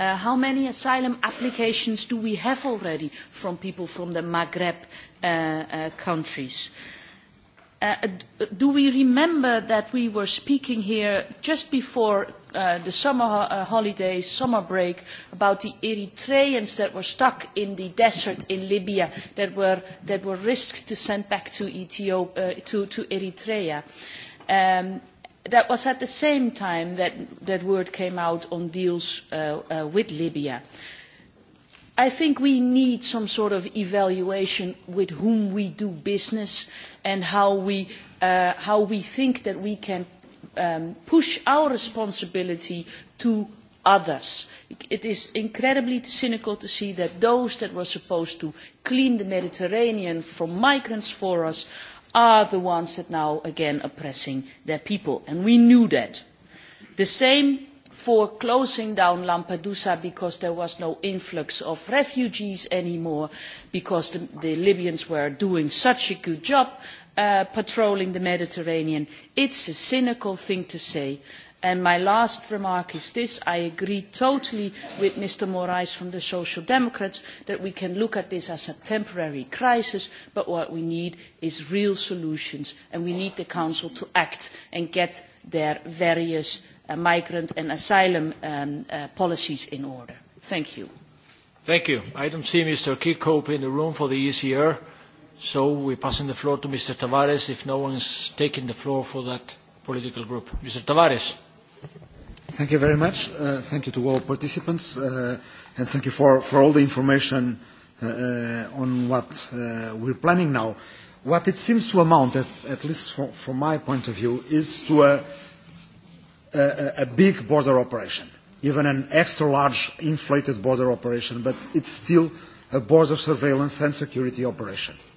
Uh, how many asylum applications do we have already from people from the Maghreb uh, uh, countries? Uh, do we remember that we were speaking here just before uh, the summer uh, holidays, summer break, about the Eritreans that were stuck in the desert in Libya that were, that were risked to send back to, Ethiopia, uh, to, to Eritrea? Um, that was at the same time that that word came out on deals uh, uh, with Libya. I think we need some sort of evaluation with whom we do business and how we, uh, how we think that we can um, push our responsibility to others. It is incredibly cynical to see that those that were supposed to clean the Mediterranean from migrants for us are the ones that now again oppressing their people. And we knew that. The same for closing down Lampedusa because there was no influx of refugees anymore, because the, the Libyans were doing such a good job uh, patrolling the Mediterranean. It's a cynical thing to say, And my last remark is this. I agree totally with Mr. Moraes from the Social Democrats that we can look at this as a temporary crisis, but what we need is real solutions. And we need the Council to act and get their various uh, migrant and asylum um, uh, policies in order. Thank you. Thank you. I don't see Mr. Kirkhope in the room for the ECR, so we're passing the floor to Mr. Tavares if no one's taking the floor for that political group. Mr. Tavares. Thank you very much. Uh, thank you to all participants, uh, and thank you for, for all the information uh, uh, on what uh, we're planning now. What it seems to amount, at, at least from, from my point of view, is to a, a, a big border operation, even an extra large inflated border operation, but it's still a border surveillance and security operation. Uh,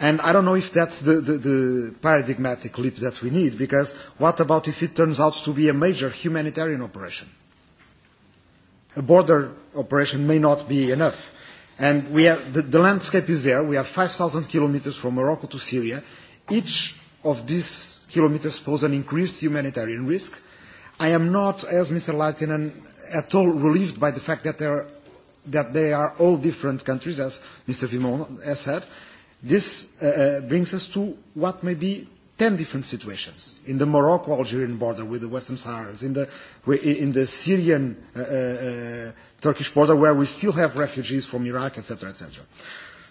And I don't know if that's the, the, the paradigmatic leap that we need, because what about if it turns out to be a major humanitarian operation? A border operation may not be enough. And we have, the, the landscape is there. We have 5,000 kilometers from Morocco to Syria. Each of these kilometers pose an increased humanitarian risk. I am not, as Mr. Leitinen, at all relieved by the fact that, there, that they are all different countries, as Mr. Vimon has said. This uh, uh, brings us to what may be 10 different situations in the Morocco-Algerian border with the Western Saharas, in the, in the Syrian-Turkish uh, uh, uh border where we still have refugees from Iraq, etc., etc.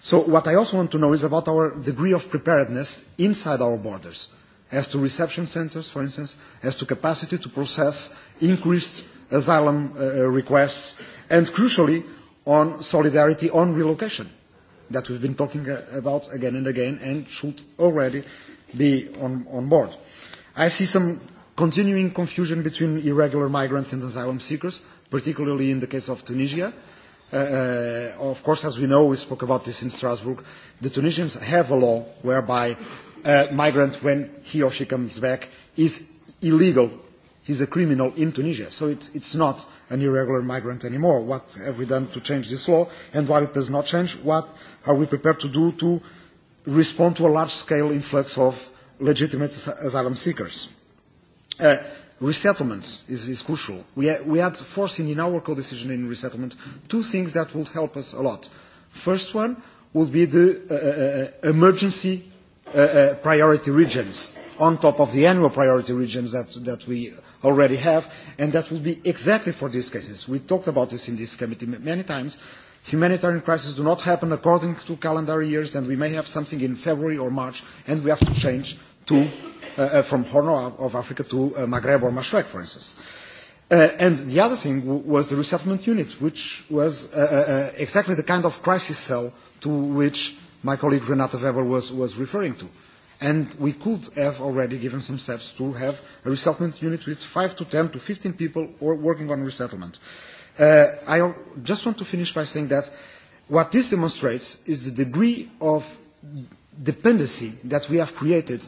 So what I also want to know is about our degree of preparedness inside our borders, as to reception centers, for instance, as to capacity to process increased asylum uh, uh requests, and crucially, on solidarity on relocation that we've been talking uh, about again and again and should already be on, on board. I see some continuing confusion between irregular migrants and asylum seekers, particularly in the case of Tunisia. Uh, uh, of course, as we know, we spoke about this in Strasbourg, the Tunisians have a law whereby a migrant, when he or she comes back, is illegal. He's a criminal in Tunisia. So it, it's not an irregular migrant anymore. What have we done to change this law? And while it does not change, what are we prepared to do to respond to a large-scale influx of legitimate asylum seekers? Uh, resettlement is, is crucial. We, ha we had forcing in our co-decision in resettlement two things that would help us a lot. First one would be the uh, uh, uh emergency uh, uh, priority regions on top of the annual priority regions that, that we already have, and that will be exactly for these cases. We talked about this in this committee many times. Humanitarian crises do not happen according to calendar years, and we may have something in February or March, and we have to change to, uh, uh from Horn of Africa to uh, Maghreb or Mashrek, for instance. Uh, and the other thing w was the resettlement unit, which was uh, uh, uh, exactly the kind of crisis cell to which my colleague Renata Weber was, was referring to. And we could have already given some steps to have a resettlement unit with 5 to 10 to 15 people working on resettlement. Uh, Uh, I just want to finish by saying that what this demonstrates is the degree of dependency that we have created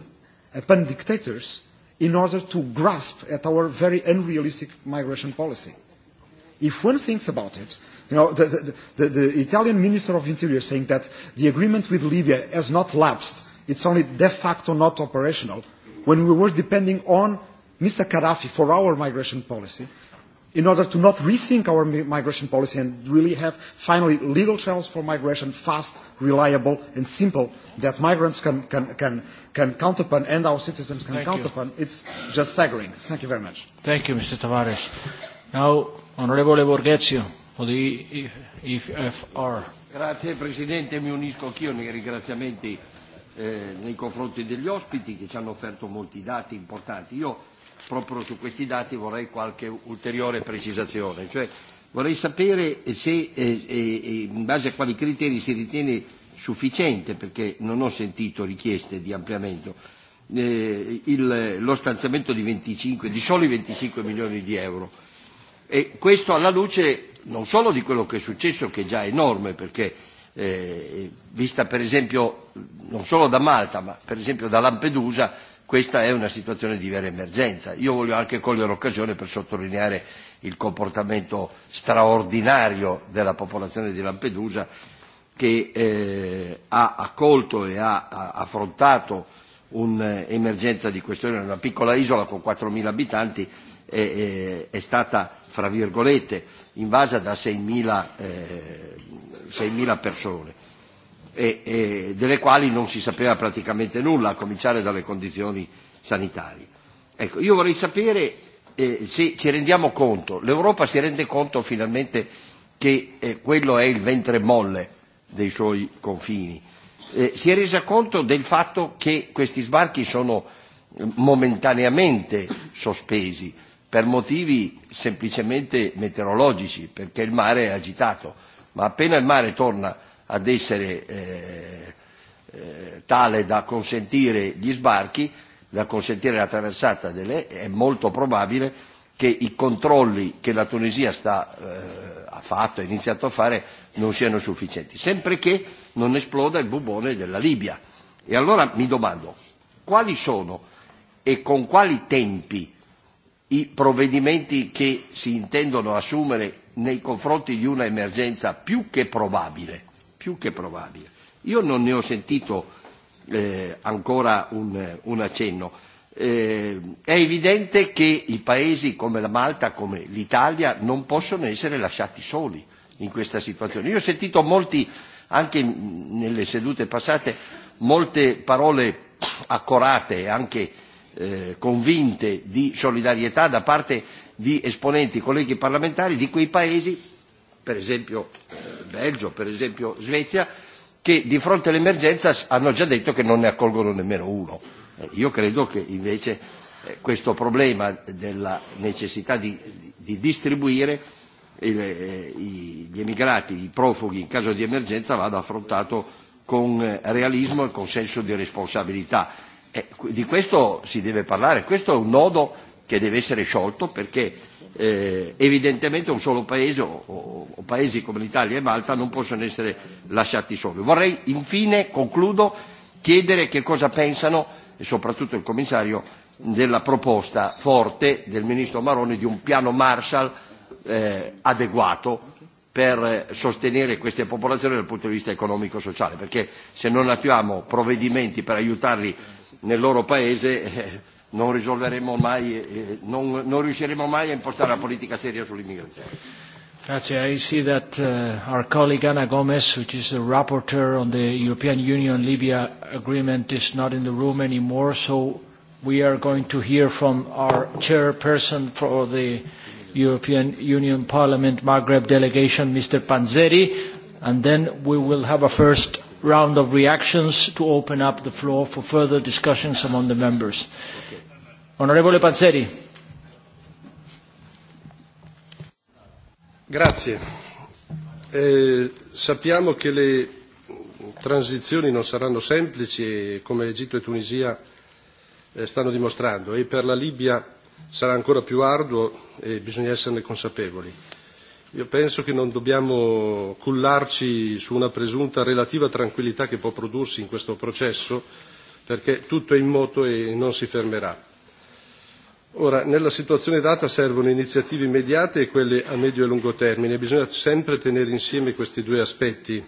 upon dictators in order to grasp at our very unrealistic migration policy. If one thinks about it, you know, the, the, the, the Italian Minister of Interior saying that the agreement with Libya has not lapsed, it's only de facto not operational, when we were depending on Mr. Gaddafi for our migration policy, in order to not rethink our migration policy and really have finally legal channels for migration fast, reliable and simple that migrants can, can, can, can count upon and our citizens can Thank count you. upon, it's just staggering. Thank you very much. Thank you, Mr. Tavares. Now, Honorable Borghezio, for the EFR. Grazie Presidente, mi unisco anch'io nei ringraziamenti eh, nei confronti degli ospiti che ci hanno offerto molti dati importanti. Io proprio su questi dati vorrei qualche ulteriore precisazione, cioè vorrei sapere se eh, eh, eh in base a quali criteri si ritiene sufficiente, perché non ho sentito richieste di ampliamento, eh, il, lo stanziamento di, 25, di soli 25 milioni di euro. E questo alla luce non solo di quello che è successo, che è già enorme, perché eh, vista per esempio non solo da Malta ma per esempio da Lampedusa, questa è una situazione di vera emergenza. Io voglio anche cogliere l'occasione per sottolineare il comportamento straordinario della popolazione di Lampedusa che eh, ha accolto e ha, ha affrontato un'emergenza di questione, una piccola isola con 4.000 abitanti e, e, è stata, fra virgolette, invasa da 6.000 eh, 6.000 persone, e, e delle quali non si sapeva praticamente nulla, a cominciare dalle condizioni sanitarie. Ecco, io vorrei sapere eh, se ci rendiamo conto, l'Europa si rende conto finalmente che eh, quello è il ventre molle dei suoi confini. Eh, si è resa conto del fatto che questi sbarchi sono eh, momentaneamente sospesi per motivi semplicemente meteorologici, perché il mare è agitato ma appena il mare torna ad essere eh, eh, tale da consentire gli sbarchi, da consentire la traversata delle, è molto probabile che i controlli che la Tunisia sta, eh, ha fatto, e ha iniziato a fare, non siano sufficienti, sempre che non esploda il bubone della Libia. E allora mi domando, quali sono e con quali tempi i provvedimenti che si intendono assumere nei confronti di una emergenza più che probabile. Più che probabile. Io non ne ho sentito eh, ancora un, un accenno. Eh, è evidente che i paesi come la Malta, come l'Italia, non possono essere lasciati soli in questa situazione. Io ho sentito molti, anche nelle sedute passate, molte parole accorate e anche eh, convinte di solidarietà da parte di esponenti, colleghi parlamentari di quei paesi, per esempio eh, Belgio, per esempio Svezia, che di fronte all'emergenza hanno già detto che non ne accolgono nemmeno uno. Eh, io credo che invece eh, questo problema della necessità di, di distribuire il, eh, gli emigrati, i profughi in caso di emergenza vada affrontato con eh, realismo e con senso di responsabilità Eh, di questo si deve parlare, questo è un nodo che deve essere sciolto perché eh, evidentemente un solo paese o, o, o paesi come l'Italia e Malta non possono essere lasciati soli. Vorrei infine, concludo, chiedere che cosa pensano e soprattutto il commissario della proposta forte del ministro Maroni di un piano Marshall eh, adeguato per sostenere queste popolazioni dal punto di vista economico-sociale, perché se non attuiamo provvedimenti per aiutarli nel loro paese eh, non risolveremo mai, eh, non, non riusciremo mai a impostare la politica seria sull'immigrazione. Grazie. I see that uh, our colleague Anna Gomez, which is the rapporteur on the European Union-Libya agreement, is not in the room anymore, so we are going to hear from our chairperson for the European Union Parliament Maghreb delegation, Mr. Panzeri, and then we will have a first round of reactions to open up the floor for further discussions among the members. Okay. Onorevole Panzeri. Grazie. Eh, sappiamo che le transizioni non saranno semplici, e come Egitto e Tunisia eh, stanno dimostrando, e per la Libia sarà ancora più arduo e bisogna esserne consapevoli. Io penso che non dobbiamo cullarci su una presunta relativa tranquillità che può prodursi in questo processo, perché tutto è in moto e non si fermerà. Ora, nella situazione data servono iniziative immediate e quelle a medio e lungo termine. Bisogna sempre tenere insieme questi due aspetti.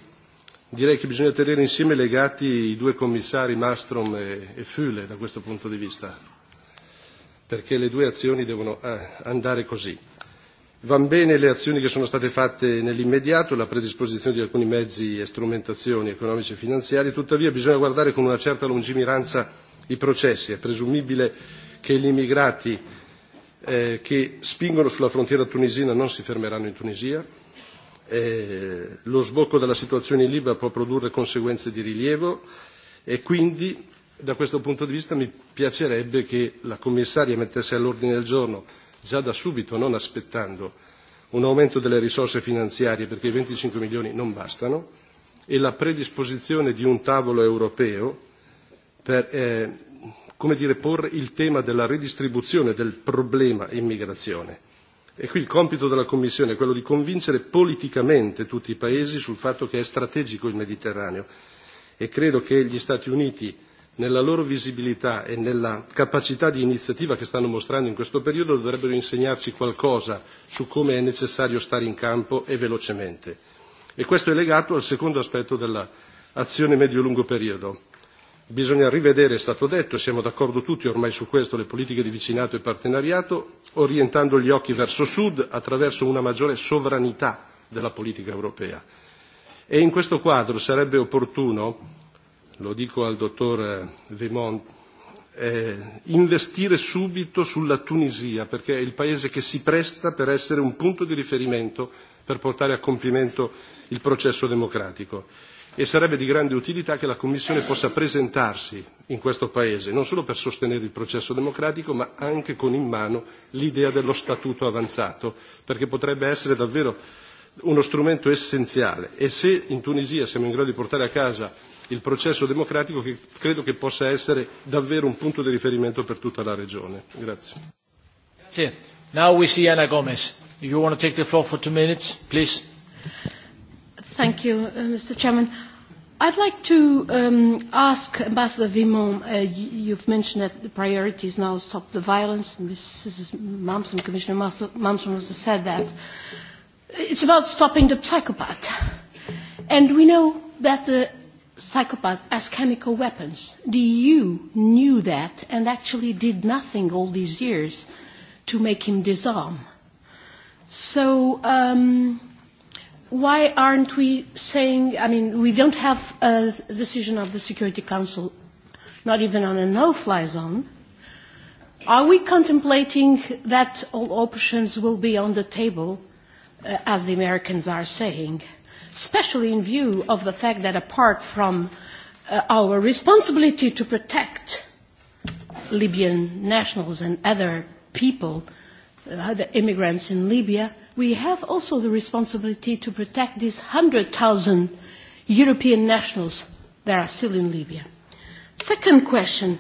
Direi che bisogna tenere insieme legati i due commissari Mastrom e, Fühle, Füle da questo punto di vista, perché le due azioni devono eh, andare così. Van bene le azioni che sono state fatte nell'immediato, la predisposizione di alcuni mezzi e strumentazioni economici e finanziari, tuttavia bisogna guardare con una certa lungimiranza i processi. È presumibile che gli immigrati eh, che spingono sulla frontiera tunisina non si fermeranno in Tunisia. Eh, lo sbocco della situazione in Libia può produrre conseguenze di rilievo e quindi da questo punto di vista mi piacerebbe che la commissaria mettesse all'ordine del giorno già da subito, non aspettando un aumento delle risorse finanziarie perché i 25 milioni non bastano e la predisposizione di un tavolo europeo per eh, come dire, porre il tema della redistribuzione del problema immigrazione. E qui il compito della Commissione è quello di convincere politicamente tutti i Paesi sul fatto che è strategico il Mediterraneo e credo che gli Stati Uniti nella loro visibilità e nella capacità di iniziativa che stanno mostrando in questo periodo dovrebbero insegnarci qualcosa su come è necessario stare in campo e velocemente. E questo è legato al secondo aspetto dell'azione medio-lungo periodo. Bisogna rivedere, è stato detto, e siamo d'accordo tutti ormai su questo, le politiche di vicinato e partenariato, orientando gli occhi verso sud attraverso una maggiore sovranità della politica europea. E in questo quadro sarebbe opportuno lo dico al dottor eh, Vimont, eh, investire subito sulla Tunisia, perché è il paese che si presta per essere un punto di riferimento per portare a compimento il processo democratico. E sarebbe di grande utilità che la Commissione possa presentarsi in questo Paese, non solo per sostenere il processo democratico, ma anche con in mano l'idea dello statuto avanzato, perché potrebbe essere davvero uno strumento essenziale. E se in Tunisia siamo in grado di portare a casa il processo democratico che credo che possa essere davvero un punto di riferimento per tutta la regione. Grazie. Grazie. Now we see Anna Gomez. If you want to take the floor for two minutes, please. Thank you, uh, Mr. Chairman. I'd like to um, ask Ambassador Vimon, uh, you've mentioned that the priority is now stop the violence, and Mrs. Mamsen, Commissioner Mamsen also said that. It's about stopping the psychopath. And we know that the psychopaths as chemical weapons. The EU knew that and actually did nothing all these years to make him disarm. So um, why aren't we saying, I mean, we don't have a decision of the Security Council, not even on a no-fly zone. Are we contemplating that all options will be on the table, uh, as the Americans are saying? especially in view of the fact that apart from uh, our responsibility to protect Libyan nationals and other people, uh, the immigrants in Libya, we have also the responsibility to protect these 100,000 European nationals that are still in Libya. Second question,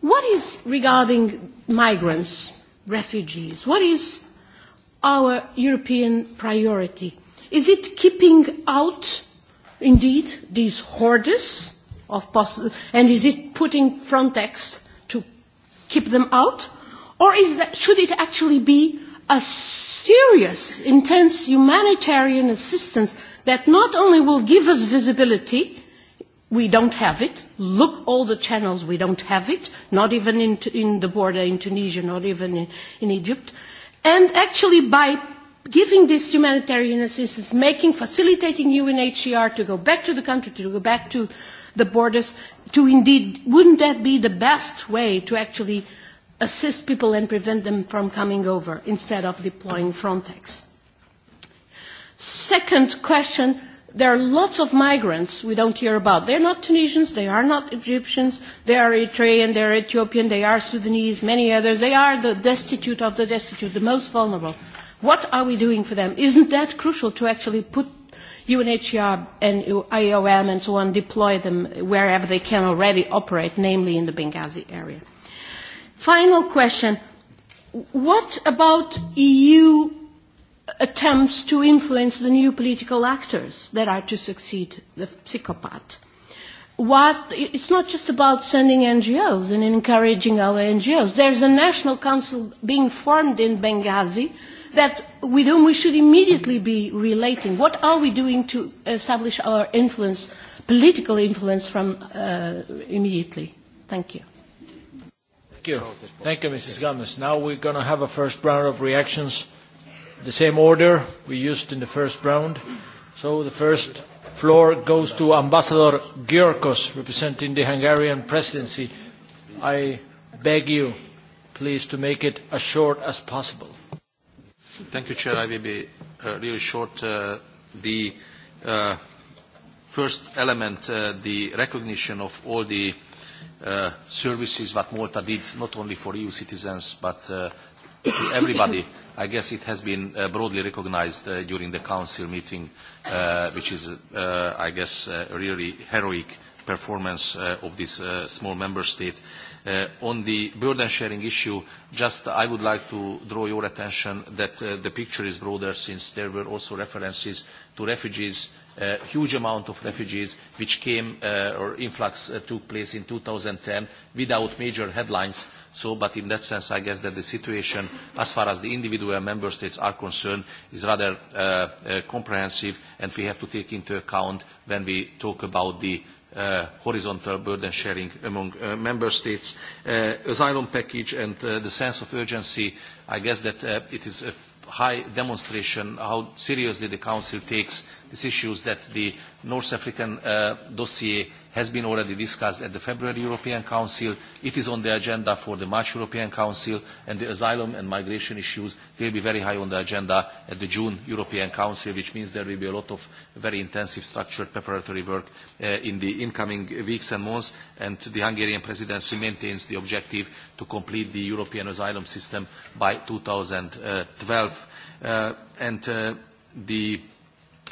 what is regarding migrants, refugees, what is our European priority? Is it keeping out, indeed, these hordes of possible, and is it putting Frontex to keep them out? Or is that, should it actually be a serious, intense humanitarian assistance that not only will give us visibility, we don't have it. Look, all the channels, we don't have it, not even in, in the border in Tunisia, not even in, in Egypt. And actually, by giving this humanitarian assistance, making, facilitating UNHCR to go back to the country, to go back to the borders, to indeed, wouldn't that be the best way to actually assist people and prevent them from coming over instead of deploying Frontex? Second question, there are lots of migrants we don't hear about. They're not Tunisians, they are not Egyptians, they are Eritrean, they are Ethiopian, they are Sudanese, many others. They are the destitute of the destitute, the most vulnerable. What are we doing for them? Isn't that crucial to actually put UNHCR and IOM and so on, deploy them wherever they can already operate, namely in the Benghazi area? Final question. What about EU attempts to influence the new political actors that are to succeed the psychopath? what it's not just about sending NGOs and encouraging our NGOs. There's a national council being formed in Benghazi that with whom we should immediately be relating. What are we doing to establish our influence, political influence from uh, immediately? Thank you. Thank you. Thank you, Mrs. Gomez. Now we're going to have a first round of reactions, the same order we used in the first round. So the first floor goes to Ambassador Gyorkos, representing the Hungarian presidency. I beg you, please, to make it as short as possible. Thank you, Chair. I will be uh, really short. Uh, the uh, first element, uh, the recognition of all the uh, services that Malta did, not only for EU citizens, but uh, to everybody. I guess it has been uh, broadly recognized uh, during the Council meeting, uh, which is, uh, I guess, a uh, really heroic performance uh, of this uh, small member state. Uh, Uh, on the burden sharing issue, just I would like to draw your attention that uh, the picture is broader since there were also references to refugees, a uh, huge amount of refugees which came uh, or influx uh, took place in 2010 without major headlines. So, but in that sense, I guess that the situation, as far as the individual member states are concerned, is rather uh, uh, comprehensive, and we have to take into account when we talk about the uh, horizontal burden sharing among uh, member states. Uh, asylum package and uh, the sense of urgency, I guess that uh, it is a high demonstration how seriously the Council takes these issues that the North African uh, dossier has been already discussed at the February European Council. It is on the agenda for the March European Council, and the asylum and migration issues will be very high on the agenda at the June European Council, which means there will be a lot of very intensive structured preparatory work uh, in the incoming weeks and months, and the Hungarian presidency maintains the objective to complete the European asylum system by 2012. Uh, and uh, the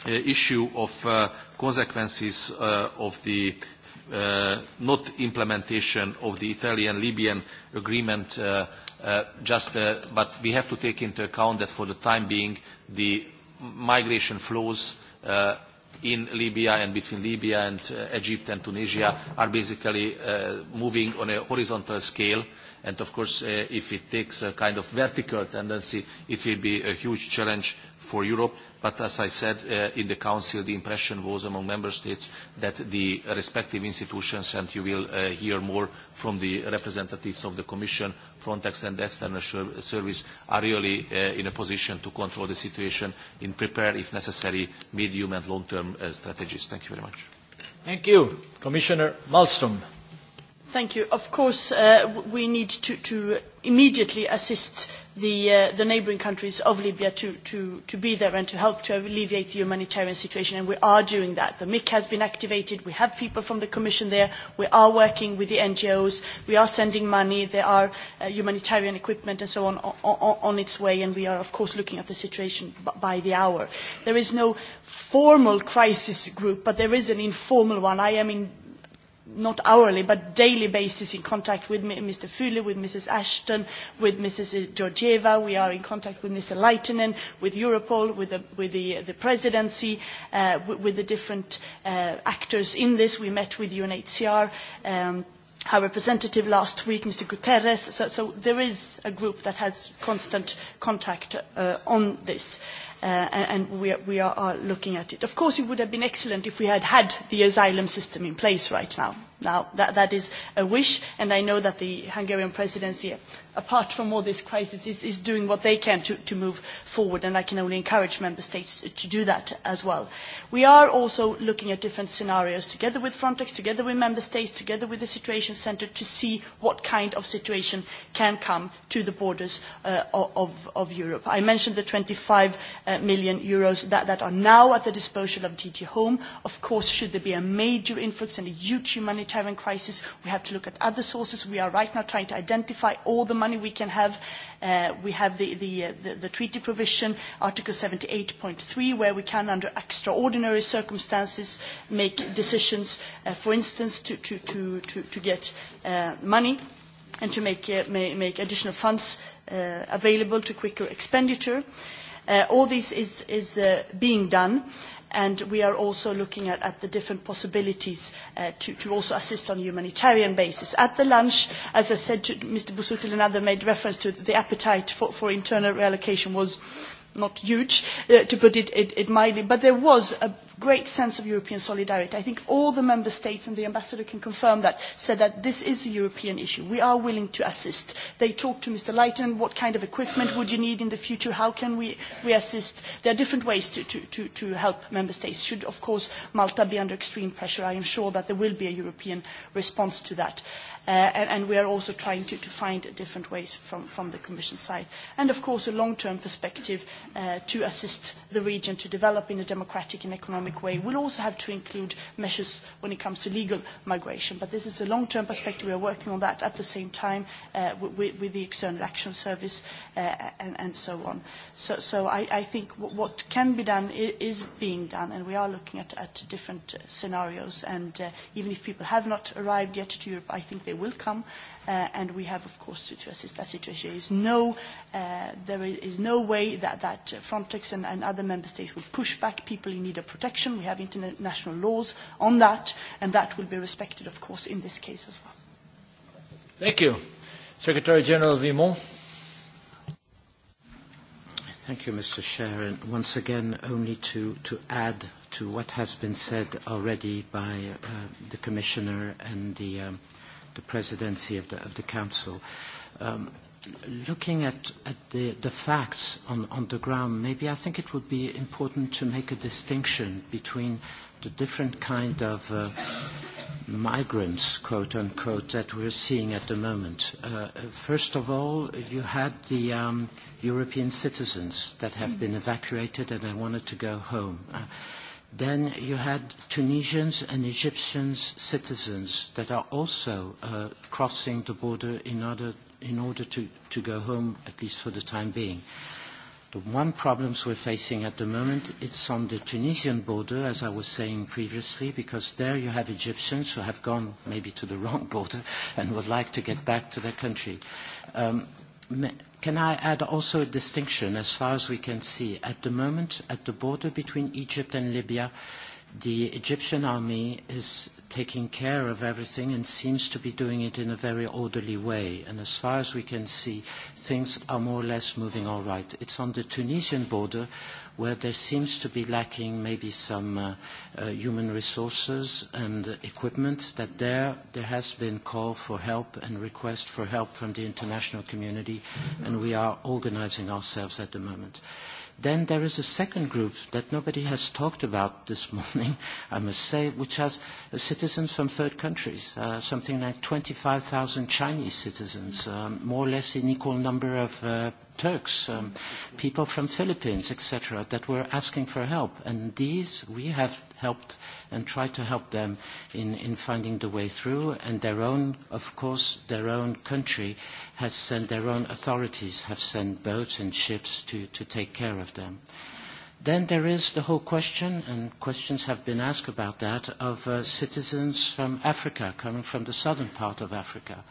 uh, issue of uh, consequences uh, of the uh, not implementation of the Italian-Libyan agreement uh, uh, just, uh, but we have to take into account that for the time being the migration flows uh, in Libya and between Libya and uh, Egypt and Tunisia are basically uh, moving on a horizontal scale. And of course, uh, if it takes a kind of vertical tendency, it will be a huge challenge for Europe, but as I said uh, in the Council, the impression was among Member States that the respective institutions, and you will uh, hear more from the representatives of the Commission, Frontex and the External Service, are really uh, in a position to control the situation and prepare, if necessary, medium and long-term uh, strategies. Thank you very much. Thank you. Commissioner Malmström. Thank you. Of course, uh, we need to, to immediately assist the, uh, the neighboring countries of Libya to, to, to be there and to help to alleviate the humanitarian situation, and we are doing that. The MIC has been activated, we have people from the Commission there, we are working with the NGOs, we are sending money, there are uh, humanitarian equipment and so on, on on its way, and we are of course looking at the situation by the hour. There is no formal crisis group, but there is an informal one. I am in not hourly, but daily basis in contact with Mr. Fuli, with Mrs. Ashton, with Mrs. Uh, Georgieva. We are in contact with Mr. Leitinen, with Europol, with the, with the, uh, the presidency, uh, with, with the different uh, actors in this. We met with UNHCR. Um, our representative last week, Mr. Guterres, so, so there is a group that has constant contact uh, on this. Uh, uh, and we are, we are, are looking at it. Of course, it would have been excellent if we had had the asylum system in place right now Now, that, that is a wish, and I know that the Hungarian presidency, apart from all this crisis, is, is doing what they can to, to move forward, and I can only encourage member states to, to do that as well. We are also looking at different scenarios, together with Frontex, together with member states, together with the Situation Centre, to see what kind of situation can come to the borders uh, of, of Europe. I mentioned the 25 uh, million euros that, that are now at the disposal of DG Home. Of course, should there be a major influx and a huge humanitarian humanitarian crisis. We have to look at other sources. We are right now trying to identify all the money we can have. Uh, we have the, the, uh, the, the treaty provision, Article 78.3, where we can, under extraordinary circumstances, make decisions, uh, for instance, to, to, to, to, to get uh, money and to make, uh, make additional funds uh, available to quicker expenditure. Uh, all this is, is uh, being done and we are also looking at, at the different possibilities uh, to, to also assist on a humanitarian basis. At the lunch, as I said, to Mr. Busutil and others made reference to the appetite for, for internal reallocation was not huge, uh, to put it, it, it mildly, but there was a great sense of European solidarity. I think all the member states, and the ambassador can confirm that, said that this is a European issue. We are willing to assist. They talked to Mr. Leighton, what kind of equipment would you need in the future, how can we, we assist? There are different ways to, to, to, to help member states. Should, of course, Malta be under extreme pressure, I am sure that there will be a European response to that. Uh, Uh, and, and we are also trying to, to find different ways from, from the Commission side. And of course, a long-term perspective uh, to assist the region to develop in a democratic and economic way. We'll also have to include measures when it comes to legal migration. But this is a long-term perspective. We are working on that at the same time uh, with, with the External Action Service uh, and, and so on. So, so I, I think what can be done is being done, and we are looking at, at different uh, scenarios. And uh, even if people have not arrived yet to Europe, I think they they will come, uh, and we have, of course, to, to assist that situation. There is no, uh, there is no way that, that Frontex and, and other member states will push back people in need of protection. We have international laws on that, and that will be respected, of course, in this case as well. Thank you. Secretary General Vimon. Thank you, Mr. Sharon. Once again, only to, to add to what has been said already by uh, the Commissioner and the um, the presidency of the, of the Council. Um, looking at, at the, the facts on, on the ground, maybe I think it would be important to make a distinction between the different kind of uh, migrants, quote unquote, that we're seeing at the moment. Uh, first of all, you had the um, European citizens that have mm-hmm. been evacuated and they wanted to go home. Uh, Then you had Tunisians and Egyptians citizens that are also uh, crossing the border in order, in order to, to go home, at least for the time being. The one problem we're facing at the moment, it's on the Tunisian border, as I was saying previously, because there you have Egyptians who have gone maybe to the wrong border and would like to get back to their country. Um, Can I add also a distinction as far as we can see? At the moment, at the border between Egypt and Libya, the Egyptian army is taking care of everything and seems to be doing it in a very orderly way. And as far as we can see, things are more or less moving all right. It's on the Tunisian border where there seems to be lacking maybe some uh, uh, human resources and equipment, that there, there has been call for help and request for help from the international community, and we are organizing ourselves at the moment. Then there is a second group that nobody has talked about this morning, I must say, which has uh, citizens from third countries, uh, something like 25,000 Chinese citizens, um, more or less an equal number of uh, Turks, um, people from Philippines, etc., that were asking for help. And these we have helped and tried to help them in, in finding the way through. And their own, of course, their own country has sent, their own authorities have sent boats and ships to, to take care of them. Then there is the whole question, and questions have been asked about that, of uh, citizens from Africa, coming from the southern part of Africa.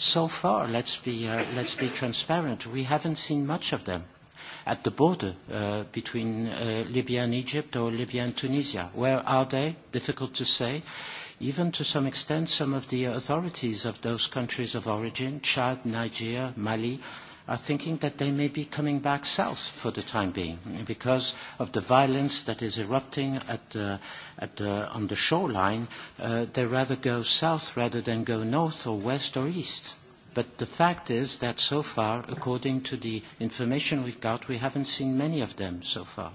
So far, let's be, uh, let's be transparent, we haven't seen much of them at the border uh, between uh, Libya and Egypt or Libya and Tunisia. Where are they? Difficult to say. Even to some extent, some of the authorities of those countries of origin, Chad, Nigeria, Mali, are thinking that they may be coming back south for the time being because of the violence that is erupting at, the uh, at the, on the shoreline, uh, they rather go south rather than go north or west or east. But the fact is that so far, according to the information we've got, we haven't seen many of them so far.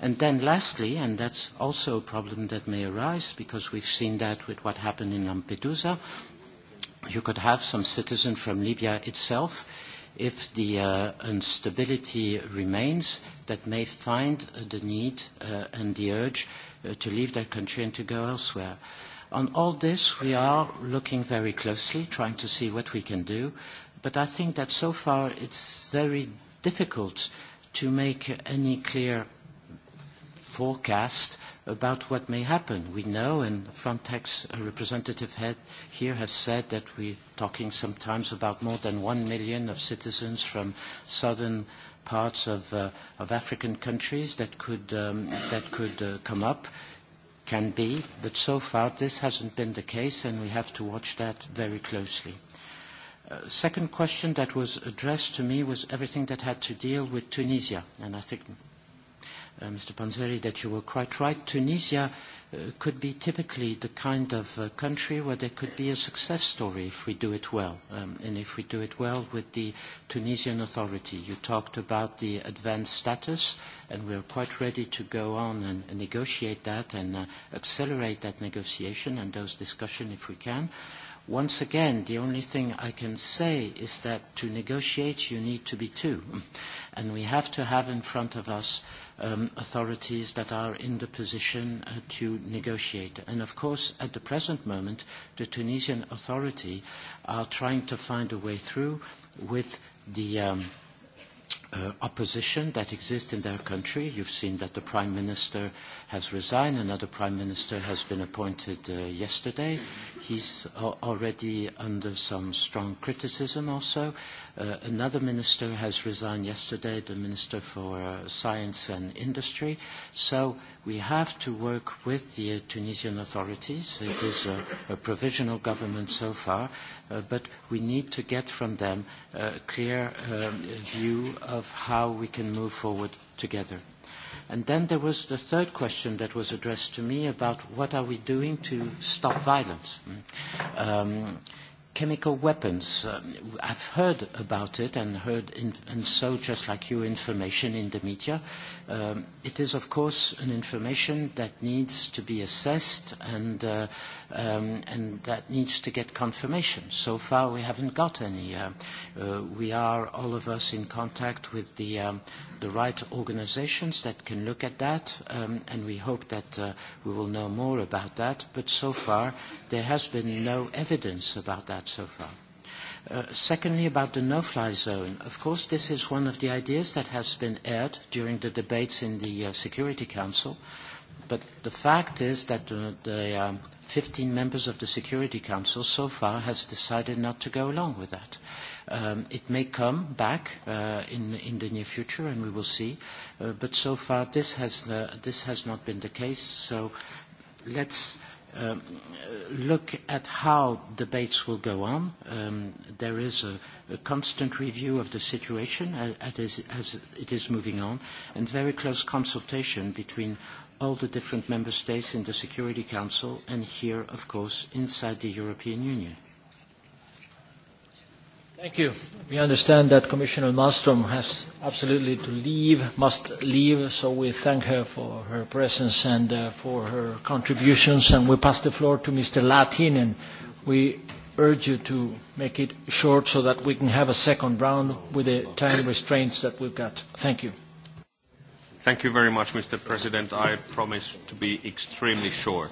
And then lastly, and that's also a problem that may arise because we've seen that with what happened in Lampedusa, you could have some citizen from Libya itself if the uh, instability remains that may find the need uh, and the urge uh, to leave their country and to go elsewhere. On all this, we are looking very closely, trying to see what we can do, but I think that so far it's very difficult to make any clear forecast about what may happen. We know, and Frontex representative head here has said that we're talking sometimes about more than one million of citizens from southern parts of, uh, of African countries that could, um, that could uh, come up can be, but so far this hasn't been the case and we have to watch that very closely. Uh, second question that was addressed to me was everything that had to deal with Tunisia. And I think, uh, Mr. Panzeri, that you were quite right. Tunisia Uh, could be typically the kind of uh, country where there could be a success story if we do it well. Um, and if we do it well with the Tunisian authority, you talked about the advanced status, and we're quite ready to go on and, and negotiate that and uh, accelerate that negotiation and those discussions if we can. Uh, Once again, the only thing I can say is that to negotiate, you need to be two. And we have to have in front of us um, authorities that are in the position uh, to negotiate. And of course, at the present moment, the Tunisian authority are trying to find a way through with the um, uh, opposition that exists in their country. You've seen that the Prime Minister has resigned. Another Prime Minister has been appointed uh, yesterday. He's uh, already under some strong criticism also. Uh, another minister has resigned yesterday, the Minister for uh, Science and Industry. So we have to work with the Tunisian authorities. It is a, a provisional government so far, uh, but we need to get from them a clear um, view of how we can move forward together. And then there was the third question that was addressed to me about what are we doing to stop violence. Mm. Um, chemical weapons. Um, I've heard about it and heard, in, and so just like you, information in the media. Um, it is, of course, an information that needs to be assessed and, uh, um, and that needs to get confirmation. So far, we haven't got any. Uh, uh, we are, all of us, in contact with the um, the right organizations that can look at that, um, and we hope that uh, we will know more about that. But so far, there has been no evidence about that so far. Uh, secondly, about the no-fly zone. Of course, this is one of the ideas that has been aired during the debates in the uh, Security Council. But the fact is that uh, the um, 15 members of the Security Council so far has decided not to go along with that. Uh, Um, it may come back uh, in, in the near future, and we will see. Uh, but so far, this has, uh, this has not been the case. So let's um, look at how debates will go on. Um, there is a, a constant review of the situation as, as it is moving on, and very close consultation between all the different member states in the Security Council and here, of course, inside the European Union. Thank you. We understand that Commissioner Malmström has absolutely to leave, must leave, so we thank her for her presence and uh, for her contributions, and we pass the floor to Mr. Latin, and we urge you to make it short so that we can have a second round with the time restraints that we've got. Thank you. Thank you very much, Mr. President. I promise to be extremely short.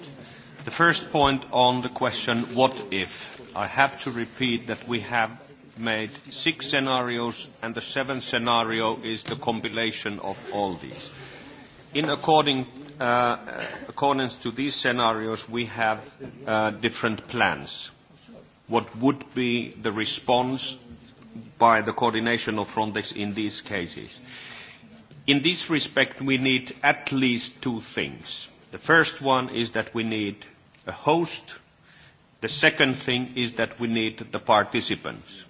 The first point on the question, what if? I have to repeat that we have made six scenarios, and the seventh scenario is the compilation of all these. In according, uh, uh, accordance to these scenarios, we have uh, different plans. What would be the response by the coordination of Frontex in these cases? In this respect, we need at least two things. The first one is that we need a host. The second thing is that we need the participants.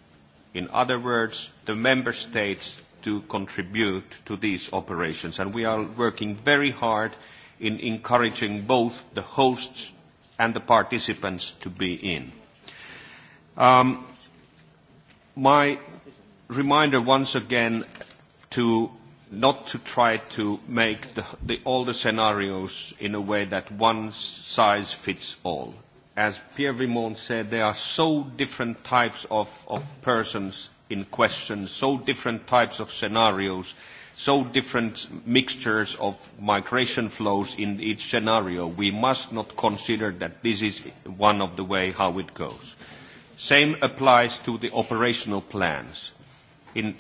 In other words, the member states to contribute to these operations. And we are working very hard in encouraging both the hosts and the participants to be in. Um, my reminder once again to not to try to make the, the, all the scenarios in a way that one size fits all as Pierre Vimont said, there are so different types of, of persons in question, so different types of scenarios, so different mixtures of migration flows in each scenario. We must not consider that this is one of the way how it goes. Same applies to the operational plans. In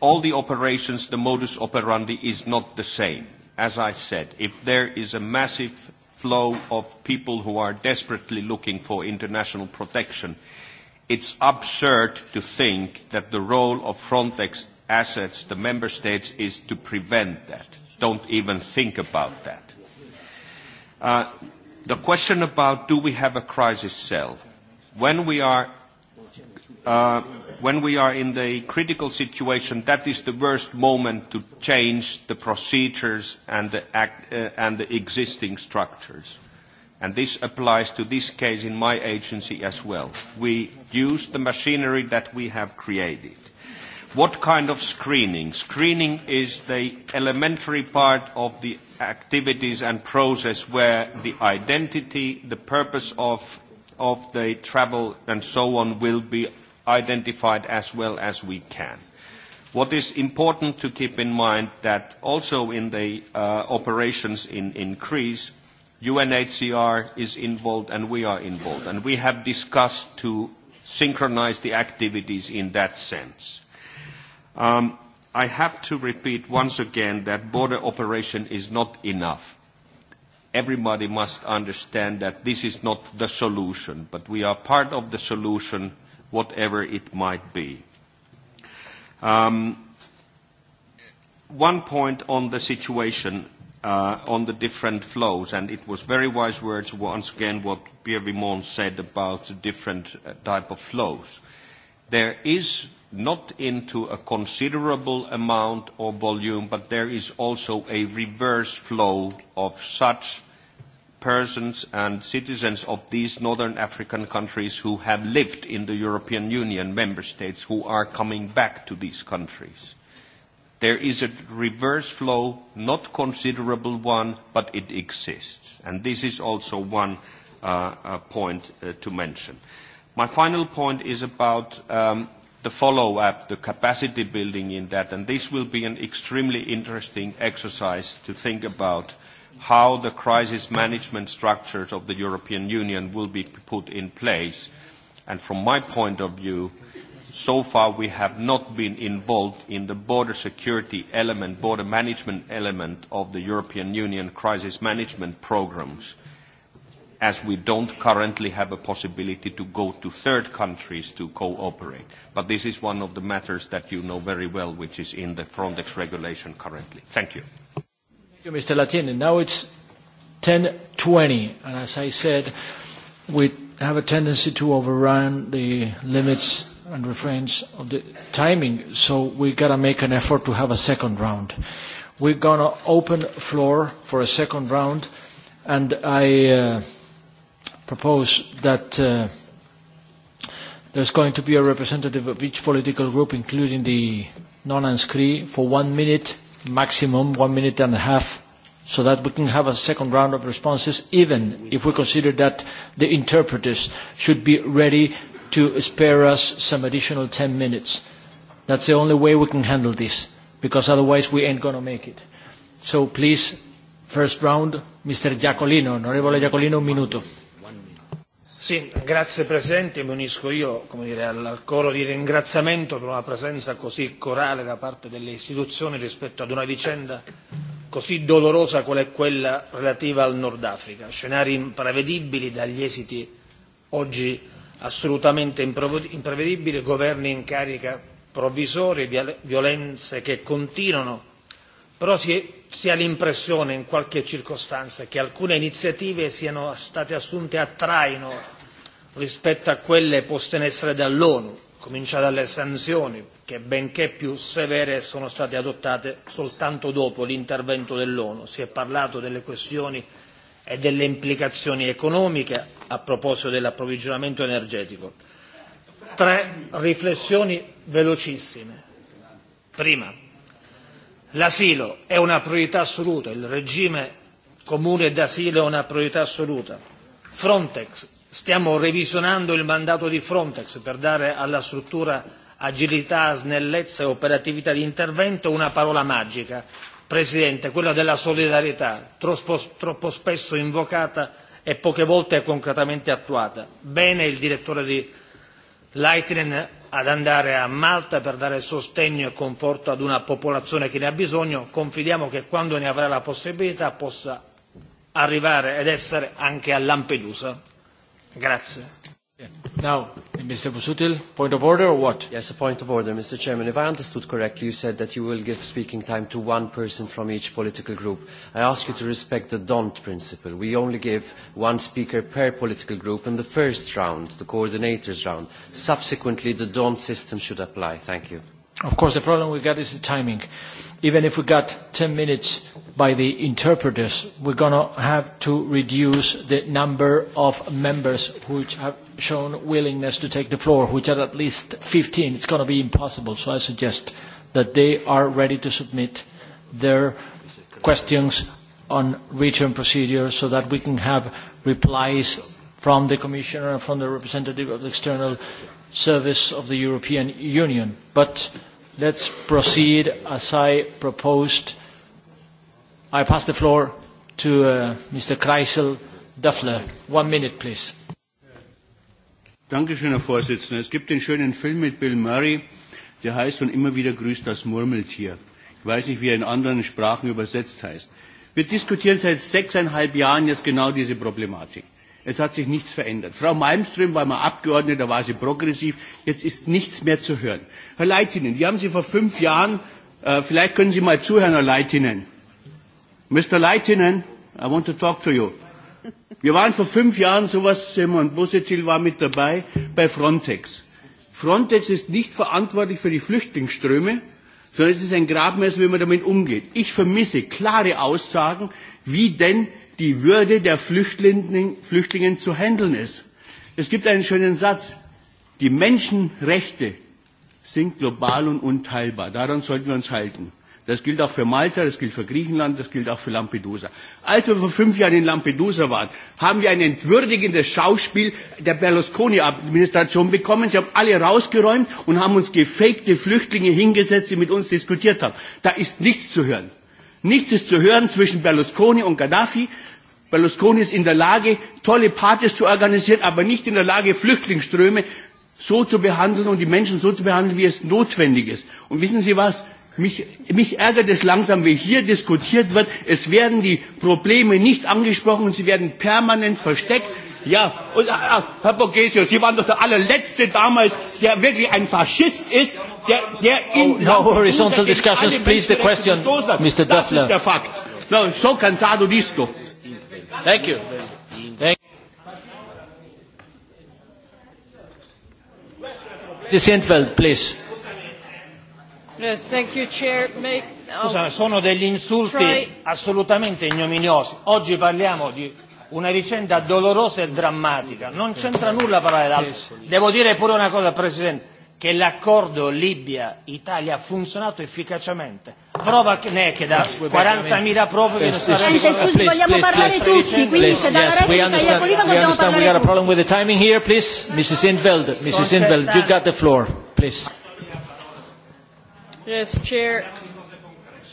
all the operations, the modus operandi is not the same. As I said, if there is a massive flow of people who are desperately looking for international protection, it's absurd to think that the role of Frontex assets, the member states, is to prevent that. Don't even think about that. Uh, the question about do we have a crisis cell? When we are uh, when we are in the critical situation, that is the worst moment to change the procedures and the, act, uh, and the existing structures. And this applies to this case in my agency as well. We use the machinery that we have created. What kind of screening? Screening is the elementary part of the activities and process where the identity, the purpose of, of the travel and so on will be identified as well as we can. What is important to keep in mind that also in the uh, operations in, in Greece, UNHCR is involved and we are involved. And we have discussed to synchronize the activities in that sense. Um, I have to repeat once again that border operation is not enough. Everybody must understand that this is not the solution, but we are part of the solution – whatever it might be. Um, one point on the situation uh, on the different flows, and it was very wise words once again what Pierre Vimon said about the different uh, type of flows. There is not into a considerable amount or volume, but there is also a reverse flow of such persons and citizens of these northern African countries who have lived in the European Union member states who are coming back to these countries. There is a reverse flow, not considerable one, but it exists. And this is also one uh, uh, point uh, to mention. My final point is about um, the follow-up, the capacity building in that, and this will be an extremely interesting exercise to think about – how the crisis management structures of the European Union will be put in place. And from my point of view, so far we have not been involved in the border security element, border management element of the European Union crisis management programs, as we don't currently have a possibility to go to third countries to cooperate. But this is one of the matters that you know very well, which is in the Frontex regulation currently. Thank you you, Mr. Latini. Now it's 10.20, and as I said, we have a tendency to overrun the limits and refrains of the timing, so we got to make an effort to have a second round. We're going to open floor for a second round, and I uh, propose that uh, there's going to be a representative of each political group, including the non-inscrit, for one minute maximum one minute and a half so that we can have a second round of responses, even if we consider that the interpreters should be ready to spare us some additional 10 minutes. That's the only way we can handle this, because otherwise we ain't going to make it. So please, first round, Mr. Giacolino, Honorable Giacolino, minuto. Sì, grazie Presidente, mi unisco io come dire, al coro di ringraziamento per una presenza così corale da parte delle istituzioni rispetto ad una vicenda così dolorosa qual è quella relativa al Nord Africa, scenari imprevedibili dagli esiti oggi assolutamente imprevedibili, governi in carica provvisori, violenze che continuano Però si, si ha l'impressione in qualche circostanza che alcune iniziative siano state assunte a traino rispetto a quelle poste in essere dall'ONU, cominciate dalle sanzioni, che benché più severe sono state adottate soltanto dopo l'intervento dell'ONU. Si è parlato delle questioni e delle implicazioni economiche a proposito dell'approvvigionamento energetico. Tre riflessioni velocissime. Prima, L'asilo è una priorità assoluta, il regime comune d'asilo è una priorità assoluta. Frontex, stiamo revisionando il mandato di Frontex per dare alla struttura agilità, snellezza e operatività di intervento una parola magica, Presidente, quella della solidarietà, troppo, troppo spesso invocata e poche volte concretamente attuata. Bene il direttore di Lightning ad andare a Malta per dare sostegno e conforto ad una popolazione che ne ha bisogno, confidiamo che quando ne avrà la possibilità possa arrivare ed essere anche a Lampedusa. Grazie. Yeah. Now, Mr. Busutil, point of order or what? Yes, a point of order, Mr. Chairman. If I understood correctly, you said that you will give speaking time to one person from each political group. I ask you to respect the DONT principle. We only give one speaker per political group in the first round, the coordinators round. Subsequently, the DONT system should apply. Thank you. Of course, the problem we got is the timing. Even if we got 10 minutes by the interpreters, we're going to have to reduce the number of members which have shown willingness to take the floor, which are at least 15. It's going to be impossible, so I suggest that they are ready to submit their questions on return procedure so that we can have replies from the Commissioner and from the representative of the External Service of the European Union. But let's proceed as I proposed. I pass the floor to uh, Mr. Kreisel Duffler. One minute, please schön, Herr Vorsitzender. Es gibt den schönen Film mit Bill Murray, der heißt und immer wieder grüßt das Murmeltier. Ich weiß nicht, wie er in anderen Sprachen übersetzt heißt. Wir diskutieren seit sechseinhalb Jahren jetzt genau diese Problematik. Es hat sich nichts verändert. Frau Malmström war mal Abgeordnete, da war sie progressiv. Jetzt ist nichts mehr zu hören. Herr Leitinen, die haben Sie vor fünf Jahren, äh, vielleicht können Sie mal zuhören, Herr Leitinen. Mr. Leitinen, I want to talk to you. Wir waren vor fünf Jahren, sowas, Simon Busicil war mit dabei, bei Frontex. Frontex ist nicht verantwortlich für die Flüchtlingsströme, sondern es ist ein Grabmesser, wie man damit umgeht. Ich vermisse klare Aussagen, wie denn die Würde der Flüchtlingen, Flüchtlingen zu handeln ist. Es gibt einen schönen Satz, die Menschenrechte sind global und unteilbar. Daran sollten wir uns halten. Das gilt auch für Malta, das gilt für Griechenland, das gilt auch für Lampedusa. Als wir vor fünf Jahren in Lampedusa waren, haben wir ein entwürdigendes Schauspiel der Berlusconi-Administration bekommen. Sie haben alle rausgeräumt und haben uns gefakte Flüchtlinge hingesetzt, die mit uns diskutiert haben. Da ist nichts zu hören. Nichts ist zu hören zwischen Berlusconi und Gaddafi. Berlusconi ist in der Lage, tolle Partys zu organisieren, aber nicht in der Lage, Flüchtlingsströme so zu behandeln und die Menschen so zu behandeln, wie es notwendig ist. Und wissen Sie was? Mich, mich ärgert es langsam, wie hier diskutiert wird. Es werden die Probleme nicht angesprochen und sie werden permanent versteckt. Ja, und ah, ah Herr Borgesius, Sie waren doch der allerletzte damals, der wirklich ein Faschist ist, der, der oh, in... Oh, no horizontal discussions, please, the question, Mr. Duffler. Das ist der Fakt. No, so cansado di sto. Thank you. Thank you. Mrs. Sintfeld, please. Yes, thank you, Chair. Make, um, Scusa, sono degli insulti try... assolutamente ignominiosi. Oggi parliamo di una vicenda dolorosa e drammatica. Non c'entra nulla parlare d'altro. Devo dire pure una cosa, Presidente che l'accordo Libia-Italia ha funzionato efficacemente. Prova che ne è che da 40.000 profughi yes, non Presidente, scusi, vogliamo parlare please, tutti, please, quindi se dalla yes, replica Iacolino dobbiamo understand. parlare We got a problem with the timing here, please. Mrs. Inveld, Mrs. Inveld, you got the floor, please. Yes, Chair.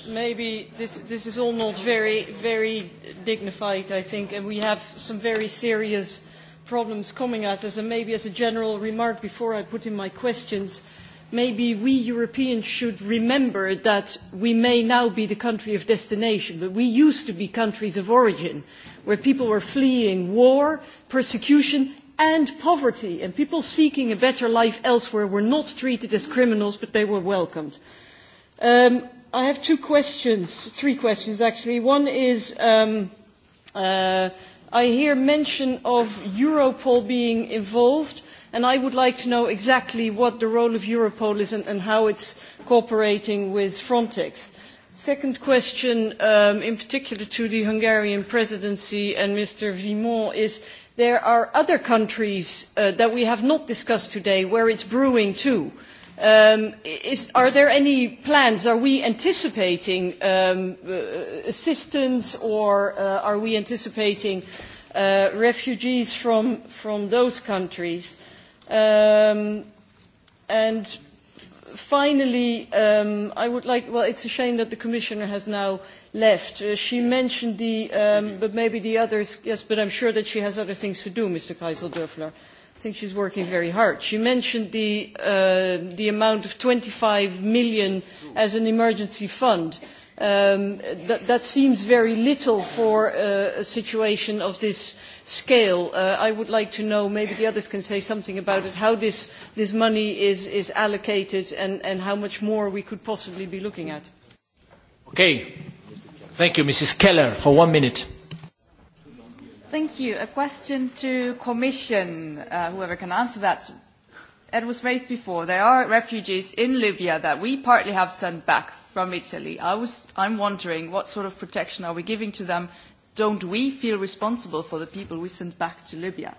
Maybe this, this is all not very, very dignified, I think, and we have some very serious problems coming at us. And maybe as a general remark before I put in my questions, maybe we Europeans should remember that we may now be the country of destination, but we used to be countries of origin, where people were fleeing war, persecution, and poverty, and people seeking a better life elsewhere were not treated as criminals, but they were welcomed. Um, I have two questions, three questions actually. One is um, uh, I hear mention of Europol being involved, and I would like to know exactly what the role of Europol is and, and how it's cooperating with Frontex. Second question, um, in particular to the Hungarian presidency and Mr. Vimon, is there are other countries uh, that we have not discussed today where it's brewing too Um, is, are there any plans? Are we anticipating um, uh, assistance or uh, are we anticipating uh, refugees from, from those countries? Um, and finally, um, I would like, well, it's a shame that the Commissioner has now left. Uh, she mentioned the, um, but maybe the others, yes, but I'm sure that she has other things to do, Mr. Kaiseldörfler. Uh, I think she's working very hard. She mentioned the, uh, the amount of 25 million as an emergency fund. Um, that, that seems very little for uh, a situation of this scale. Uh, I would like to know, maybe the others can say something about it, how this, this money is, is allocated and, and how much more we could possibly be looking at. Okay. Thank you, Mrs. Keller, for one minute. Thank you. A question to Commission, uh, whoever can answer that. It was raised before. There are refugees in Libya that we partly have sent back from Italy. I was, I'm wondering what sort of protection are we giving to them? Don't we feel responsible for the people we send back to Libya?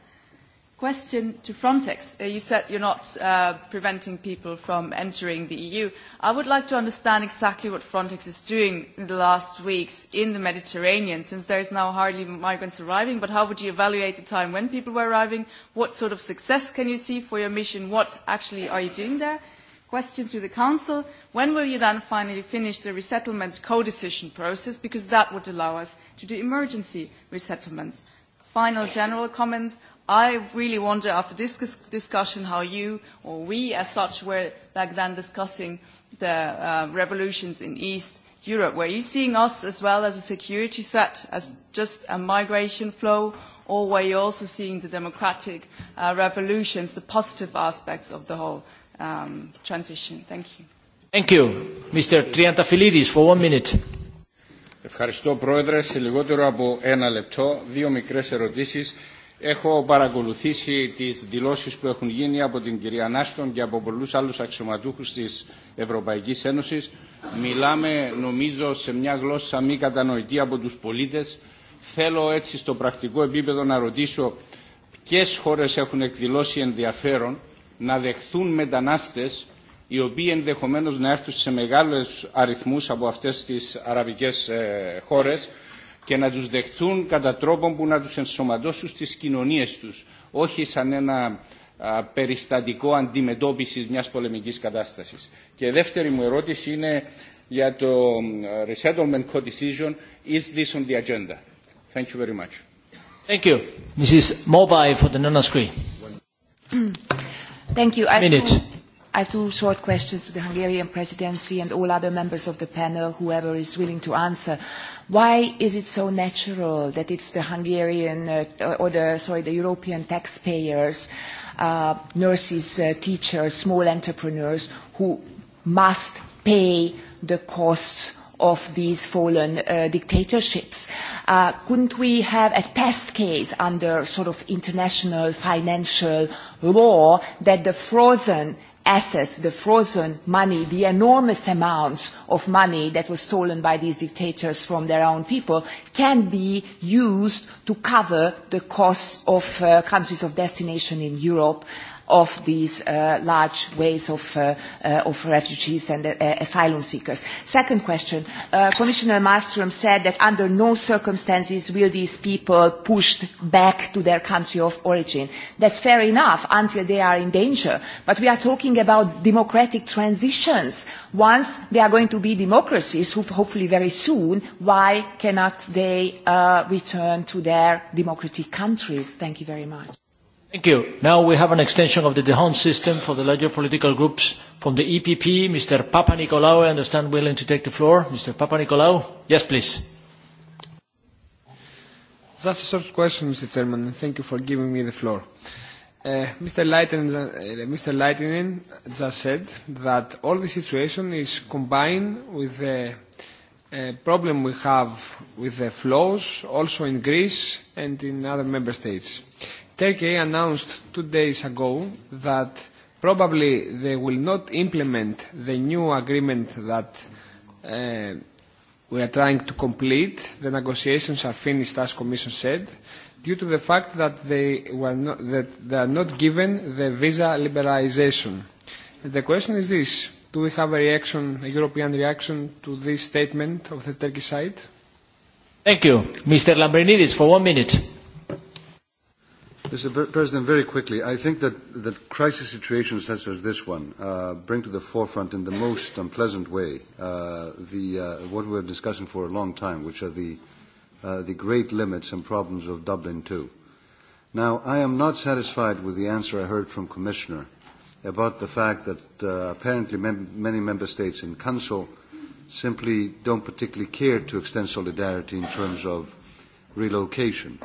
question to Frontex. Uh, you said you're not uh, preventing people from entering the EU. I would like to understand exactly what Frontex is doing in the last weeks in the Mediterranean, since there is now hardly migrants arriving, but how would you evaluate the time when people were arriving? What sort of success can you see for your mission? What actually are you doing there? Question to the Council. When will you then finally finish the resettlement co-decision process? Because that would allow us to do emergency resettlements. Final general comment I really wonder after this discussion how you or we as such were back then discussing the uh, revolutions in East Europe. Were you seeing us as well as a security threat, as just a migration flow, or were you also seeing the democratic uh, revolutions, the positive aspects of the whole um, transition? Thank you. Thank you. Mr. Triantafilidis for one minute. Ευχαριστώ, Πρόεδρε. Σε λιγότερο από ένα λεπτό, δύο μικρές ερωτήσεις Έχω παρακολουθήσει τις δηλώσεις που έχουν γίνει από την κυρία Νάστον και από πολλούς άλλους αξιωματούχους της Ευρωπαϊκής Ένωσης. Μιλάμε νομίζω σε μια γλώσσα μη κατανοητή από τους πολίτες. Θέλω έτσι στο πρακτικό επίπεδο να ρωτήσω ποιε χώρες έχουν εκδηλώσει ενδιαφέρον να δεχθούν μετανάστες οι οποίοι ενδεχομένως να έρθουν σε μεγάλους αριθμούς από αυτές τις αραβικές ε, χώρες και να τους δεχθούν κατά τρόπο που να τους ενσωματώσουν στις κοινωνίες τους, όχι σαν ένα α, περιστατικό αντιμετώπισης μιας πολεμικής κατάστασης. Και δεύτερη μου ερώτηση είναι για το resettlement co-decision, is this on the agenda? Thank you very much. Thank you. Mrs. Mobile for the Nona screen. Thank you. I Minute. Too I have two short questions to the Hungarian presidency and all other members of the panel, whoever is willing to answer. Why is it so natural that it's the Hungarian uh, or the, sorry, the European taxpayers, uh, nurses, uh, teachers, small entrepreneurs who must pay the costs of these fallen uh, dictatorships. Uh, couldn't we have a test case under sort of international financial law that the frozen assets, the frozen money, the enormous amounts of money that was stolen by these dictators from their own people can be used to cover the costs of uh, countries of destination in Europe of these uh, large waves of, uh, uh, of refugees and uh, asylum seekers. Second question, uh, Commissioner Malmström said that under no circumstances will these people pushed back to their country of origin. That's fair enough until they are in danger, but we are talking about democratic transitions. Once they are going to be democracies, hopefully very soon, why cannot they uh, return to their democratic countries? Thank you very much. Thank you. Now we have an extension of the Dehon system for the larger political groups. From the EPP, Mr. Papa Nicolau, I understand willing to take the floor. Mr. Papa Nicolau, yes, please. That's a short question, Mr. Chairman, and thank you for giving me the floor. Uh, Mr. Leitinen uh, Mr. Lightning just said that all the situation is combined with the uh, problem we have with the flows also in Greece and in other member states. Turkey announced two days ago that probably they will not implement the new agreement that uh, we are trying to complete. The negotiations are finished, as Commission said, due to the fact that they, were not, that they are not given the visa liberalization. The question is this. Do we have a reaction, a European reaction to this statement of the Turkish side? Thank you. Mr. Lambrinidis, for one minute. Mr. President, very quickly, I think that, that crisis situations such as this one uh, bring to the forefront in the most unpleasant way uh, the, uh, what we're discussing for a long time, which are the, uh, the great limits and problems of Dublin II. Now, I am not satisfied with the answer I heard from Commissioner about the fact that uh, apparently mem many member states in Council simply don't particularly care to extend solidarity in terms of relocation.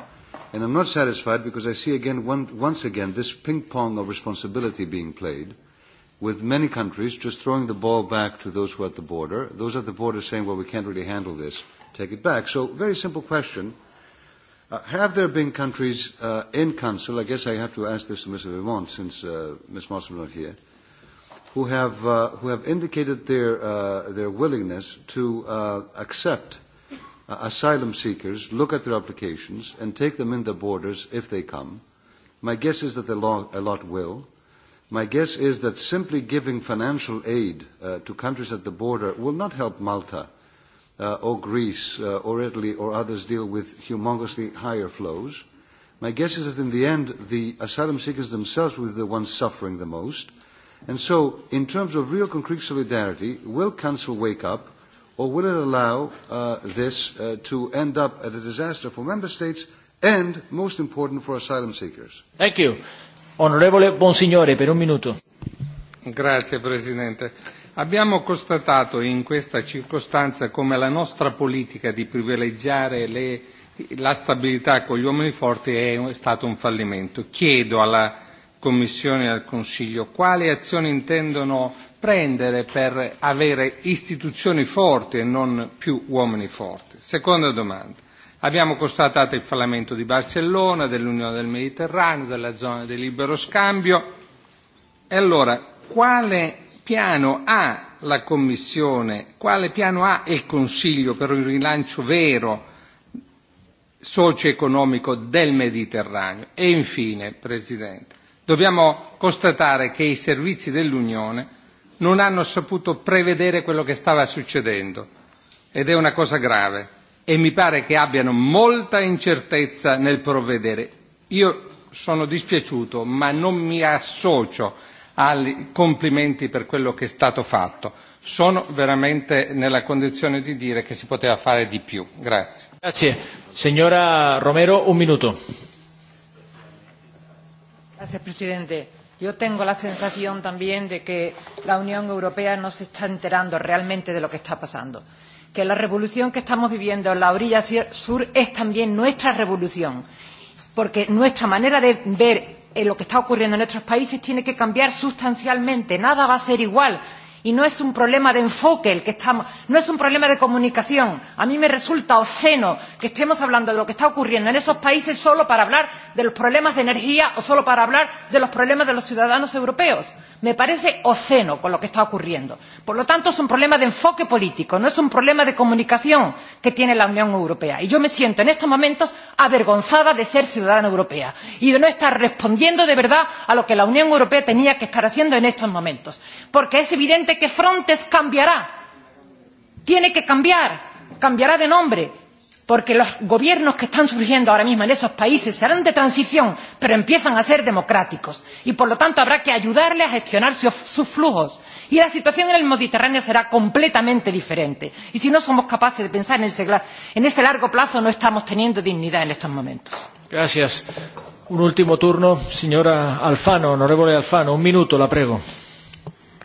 And I'm not satisfied because I see again, one, once again, this ping pong of responsibility being played with many countries just throwing the ball back to those who are at the border, those at the border saying, well, we can't really handle this, take it back. So, very simple question. Uh, have there been countries uh, in council, I guess I have to ask this to Mr. Vimont since uh, Ms. Mossman is not here, who have, uh, who have indicated their, uh, their willingness to uh, accept uh, asylum seekers look at their applications and take them in the borders if they come. My guess is that a lot, a lot will. My guess is that simply giving financial aid uh, to countries at the border will not help Malta uh, or Greece uh, or Italy or others deal with humongously higher flows. My guess is that in the end, the asylum seekers themselves will be the ones suffering the most. And so, in terms of real concrete solidarity, will Council wake up or will it allow uh, this uh, to end up at a disaster for member states and, most important, for asylum seekers? Thank you. Onorevole Bonsignore, per un minuto. Grazie, Presidente. Abbiamo constatato in questa circostanza come la nostra politica di privilegiare le, la stabilità con gli uomini forti è stato un fallimento. Chiedo alla Commissione e al Consiglio quali azioni intendono prendere per avere istituzioni forti e non più uomini forti? Seconda domanda. Abbiamo constatato il fallamento di Barcellona, dell'Unione del Mediterraneo, della zona di libero scambio. E allora, quale piano ha la Commissione, quale piano ha il Consiglio per un rilancio vero socio-economico del Mediterraneo? E infine, Presidente, dobbiamo constatare che i servizi dell'Unione non hanno saputo prevedere quello che stava succedendo ed è una cosa grave e mi pare che abbiano molta incertezza nel provvedere. Io sono dispiaciuto ma non mi associo ai complimenti per quello che è stato fatto. Sono veramente nella condizione di dire che si poteva fare di più. Grazie. Grazie. Signora Romero, un minuto. Grazie Presidente. Yo tengo la sensación también de que la Unión Europea no se está enterando realmente de lo que está pasando. Que la revolución que estamos viviendo en la orilla sur es también nuestra revolución. Porque nuestra manera de ver eh, lo que está ocurriendo en nuestros países tiene que cambiar sustancialmente. Nada va a ser igual Y no es un problema de enfoque el que estamos, no es un problema de comunicación. A mí me resulta obsceno que estemos hablando de lo que está ocurriendo en esos países solo para hablar de los problemas de energía o solo para hablar de los problemas de los ciudadanos europeos. Me parece obsceno con lo que está ocurriendo. Por lo tanto, es un problema de enfoque político, no es un problema de comunicación que tiene la Unión Europea. Y yo me siento en estos momentos avergonzada de ser ciudadana europea y de no estar respondiendo de verdad a lo que la Unión Europea tenía que estar haciendo en estos momentos. Porque es evidente simplemente que Frontex cambiará. Tiene que cambiar, cambiará de nombre, porque los gobiernos que están surgiendo ahora mismo en esos países serán de transición, pero empiezan a ser democráticos. Y por lo tanto habrá que ayudarle a gestionar sus, sus flujos. Y la situación en el Mediterráneo será completamente diferente. Y si no somos capaces de pensar en ese, en ese largo plazo, no estamos teniendo dignidad en estos momentos. Gracias. Un último turno, señora Alfano, honorable Alfano. Un minuto, la prego.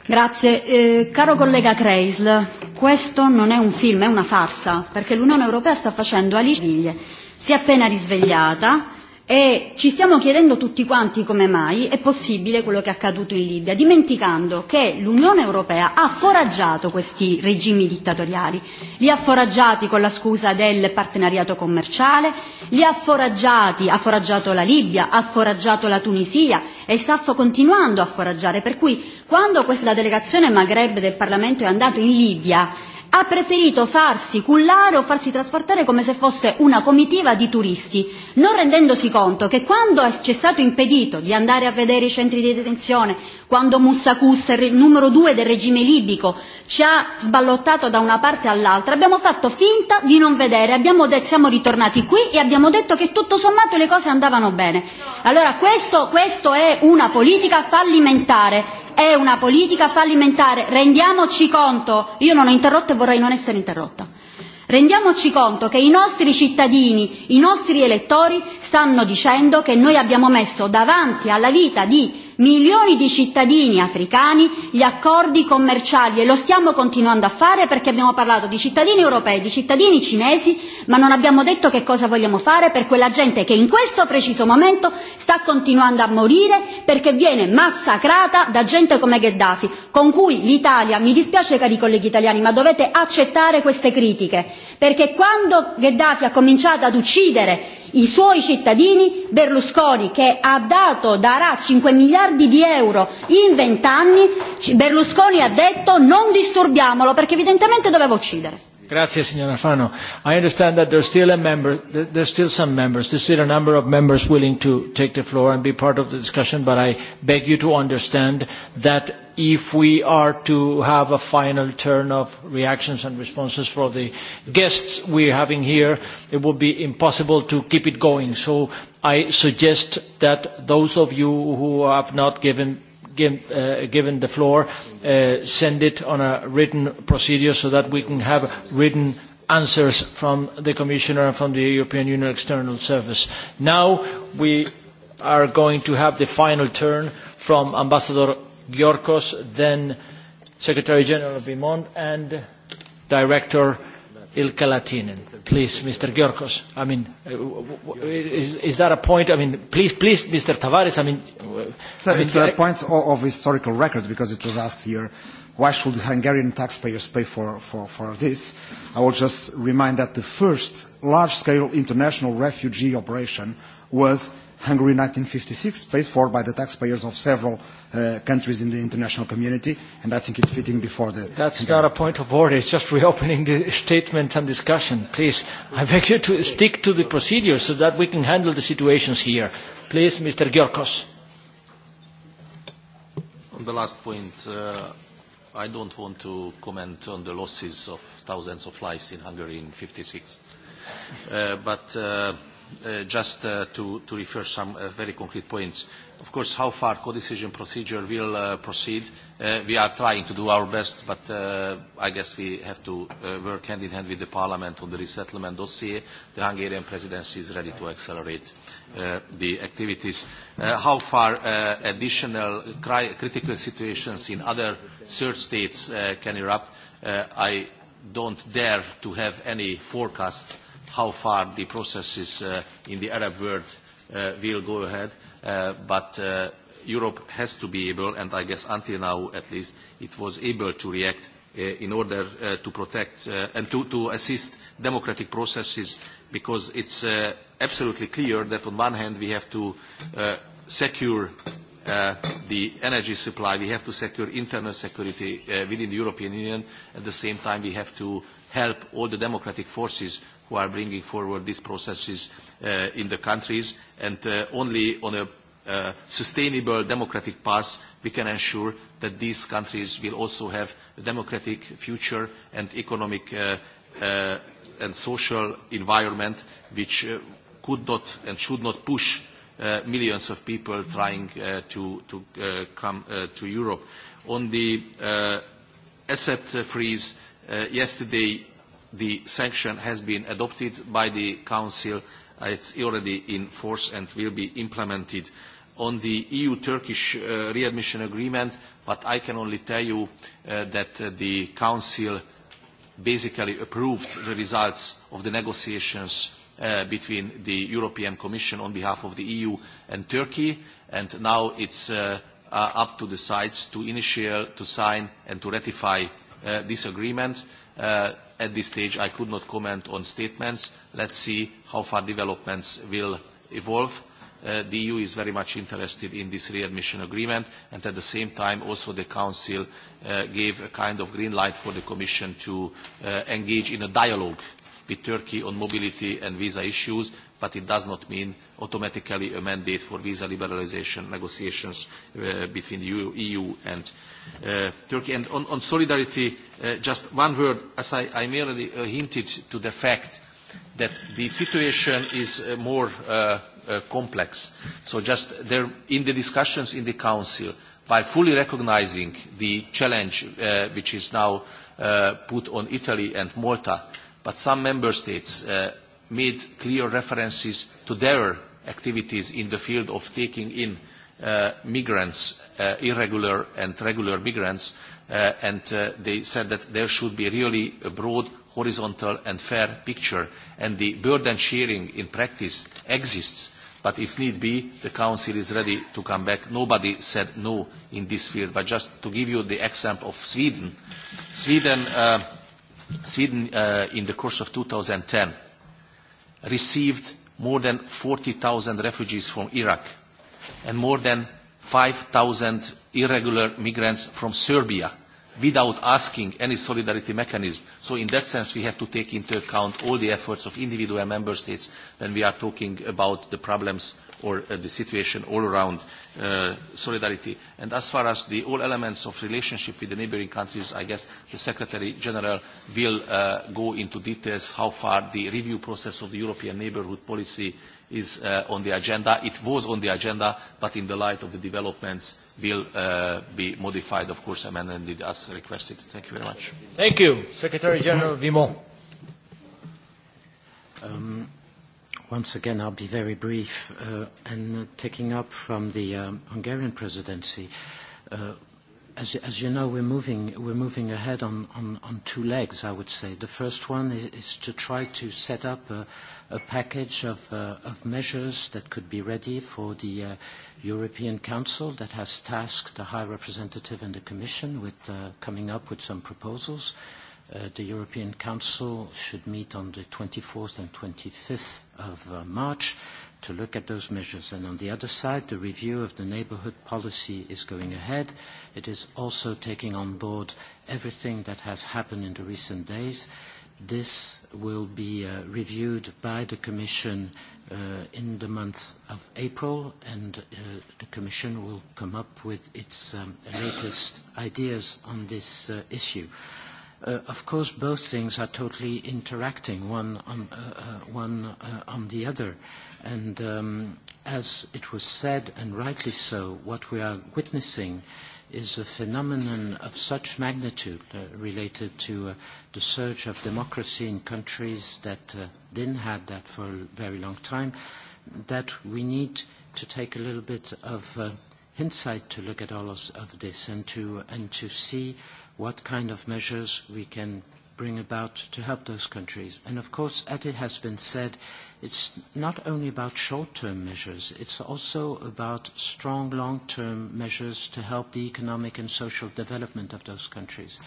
Grazie. Eh, caro collega Kreisl, questo non è un film, è una farsa, perché l'Unione Europea sta facendo a Si è appena risvegliata E ci stiamo chiedendo tutti quanti come mai è possibile quello che è accaduto in Libia, dimenticando che l'Unione Europea ha foraggiato questi regimi dittatoriali, li ha foraggiati con la scusa del partenariato commerciale, li ha foraggiati, ha foraggiato la Libia, ha foraggiato la Tunisia e sta continuando a foraggiare, per cui quando questa delegazione Maghreb del Parlamento è andata in Libia ha preferito farsi cullare o farsi trasportare come se fosse una comitiva di turisti, non rendendosi conto che quando ci è stato impedito di andare a vedere i centri di detenzione, quando Moussa Kusser, il numero due del regime libico, ci ha sballottato da una parte all'altra, abbiamo fatto finta di non vedere, abbiamo de- siamo ritornati qui e abbiamo detto che tutto sommato le cose andavano bene. Allora questo, questo è una politica fallimentare è una politica fallimentare, rendiamoci conto, io non ho interrotto e vorrei non essere interrotta, rendiamoci conto che i nostri cittadini, i nostri elettori stanno dicendo che noi abbiamo messo davanti alla vita di milioni di cittadini africani gli accordi commerciali e lo stiamo continuando a fare perché abbiamo parlato di cittadini europei, di cittadini cinesi, ma non abbiamo detto che cosa vogliamo fare per quella gente che in questo preciso momento sta continuando a morire perché viene massacrata da gente come Gheddafi, con cui l'Italia, mi dispiace cari colleghi italiani, ma dovete accettare queste critiche, perché quando Gheddafi ha cominciato ad uccidere i suoi cittadini, Berlusconi che ha dato, darà 5 miliardi di euro in 20 anni, Berlusconi ha detto non disturbiamolo perché evidentemente doveva uccidere. Grazie, Signor Alfano. I understand that there's still a member, there's still some members, there's still a number of members willing to take the floor and be part of the discussion, but I beg you to understand that if we are to have a final turn of reactions and responses for the guests we're having here, it would be impossible to keep it going. So I suggest that those of you who have not given give, uh, given the floor, uh, send it on a written procedure so that we can have written answers from the Commissioner and from the European Union External Service. Now we are going to have the final turn from Ambassador Giorkos, then Secretary General Bimon and Director Ilkalatinen. Please, Mr. Georgos, I mean, uh, is, is that a point? I mean, please, please, Mr. Tavares, I mean... Uh, so I mean, it's a uh, point of, of historical record because it was asked here, why should Hungarian taxpayers pay for, for, for this? I will just remind that the first large-scale international refugee operation was Hungary 1956, paid for by the taxpayers of several Uh, countries in the international community, and I think it's fitting before the... That's not a point of order, it's just reopening the statement and discussion. Please, I beg you to stick to the procedure so that we can handle the situations here. Please, Mr. Georgos. On the last point, uh, I don't want to comment on the losses of thousands of lives in Hungary in 56. Uh, but uh, uh, just uh, to, to refer some uh, very concrete points, of course, how far co-decision procedure will uh, proceed. Uh, we are trying to do our best, but uh, I guess we have to uh, work hand in hand with the Parliament on the resettlement dossier. The Hungarian presidency is ready to accelerate uh, the activities. Uh, how far uh, additional cri critical situations in other third states uh, can erupt, uh, I don't dare to have any forecast how far the processes uh, in the Arab world uh, will go ahead uh, but uh, Europe has to be able, and I guess until now at least, it was able to react uh, in order uh, to protect uh, and to, to assist democratic processes because it's uh, absolutely clear that on one hand we have to uh, secure uh, the energy supply, we have to secure internal security uh, within the European Union, at the same time we have to help all the democratic forces who are bringing forward these processes uh, in the countries. And uh, only on a uh, sustainable democratic path we can ensure that these countries will also have a democratic future and economic uh, uh, and social environment which uh, could not and should not push uh, millions of people trying uh, to, to uh, come uh, to Europe. On the uh, asset freeze, uh, yesterday the sanction has been adopted by the Council. Uh, it's already in force and will be implemented on the EU-Turkish uh, readmission agreement, but I can only tell you uh, that uh, the Council basically approved the results of the negotiations uh, between the European Commission on behalf of the EU and Turkey, and now it's uh, uh, up to the sides to initiate, to sign and to ratify uh, this agreement. Uh, at this stage I could not comment on statements. Let's see how far developments will evolve. Uh, the EU is very much interested in this readmission agreement and at the same time also the Council uh, gave a kind of green light for the Commission to uh, engage in a dialogue with Turkey on mobility and visa issues, but it does not mean automatically a mandate for visa liberalization negotiations uh, between the EU e and uh, Turkey. And on, on solidarity, uh, just one word, as I, I merely uh, hinted to the fact that the situation is uh, more uh, uh, complex. So just there, in the discussions in the Council, by fully recognizing the challenge uh, which is now uh, put on Italy and Malta, but some member states uh, made clear references to their activities in the field of taking in uh, migrants, uh, irregular and regular migrants, uh, and uh, they said that there should be really a broad, horizontal and fair picture, and the burden sharing in practice exists, but if need be, the Council is ready to come back. Nobody said no in this field, but just to give you the example of Sweden, Sweden, uh, Sweden uh, in the course of 2010 received more than 40,000 refugees from Iraq and more than 5,000 irregular migrants from Serbia without asking any solidarity mechanism. So in that sense, we have to take into account all the efforts of individual member states when we are talking about the problems or uh, the situation all around uh, solidarity. And as far as the all elements of relationship with the neighboring countries, I guess the Secretary General will uh, go into details how far the review process of the European Neighbourhood Policy uh, is uh, on the agenda. It was on the agenda, but in the light of the developments will uh, be modified, of course, amended as requested. Thank you very much. Thank you. Secretary General Vimo. Um, once again, I'll be very brief. Uh, and uh, taking up from the um, Hungarian presidency, uh, as, as you know, we're moving, we're moving ahead on, on, on two legs, I would say. The first one is, is to try to set up a, a package of, uh, of measures that could be ready for the uh, European Council that has tasked the High Representative and the Commission with uh, coming up with some proposals. Uh, the European Council should meet on the 24th and 25th of uh, March to look at those measures. And on the other side, the review of the neighbourhood policy is going ahead. It is also taking on board everything that has happened in the recent days. This will be uh, reviewed by the Commission uh, in the month of April, and uh, the Commission will come up with its um, latest ideas on this uh, issue. Uh, of course, both things are totally interacting, one on, uh, uh, one, uh, on the other. Uh, And um, as it was said, and rightly so, what we are witnessing is a phenomenon of such magnitude uh, related to uh, the surge of democracy in countries that uh, didn't have that for a very long time, that we need to take a little bit of uh, insight to look at all of, of this and to, and to see what kind of measures we can bring about to help those countries. And of course, as it has been said, It's not only about short-term measures, it's also about strong long-term measures to help the economic and social development of those countries.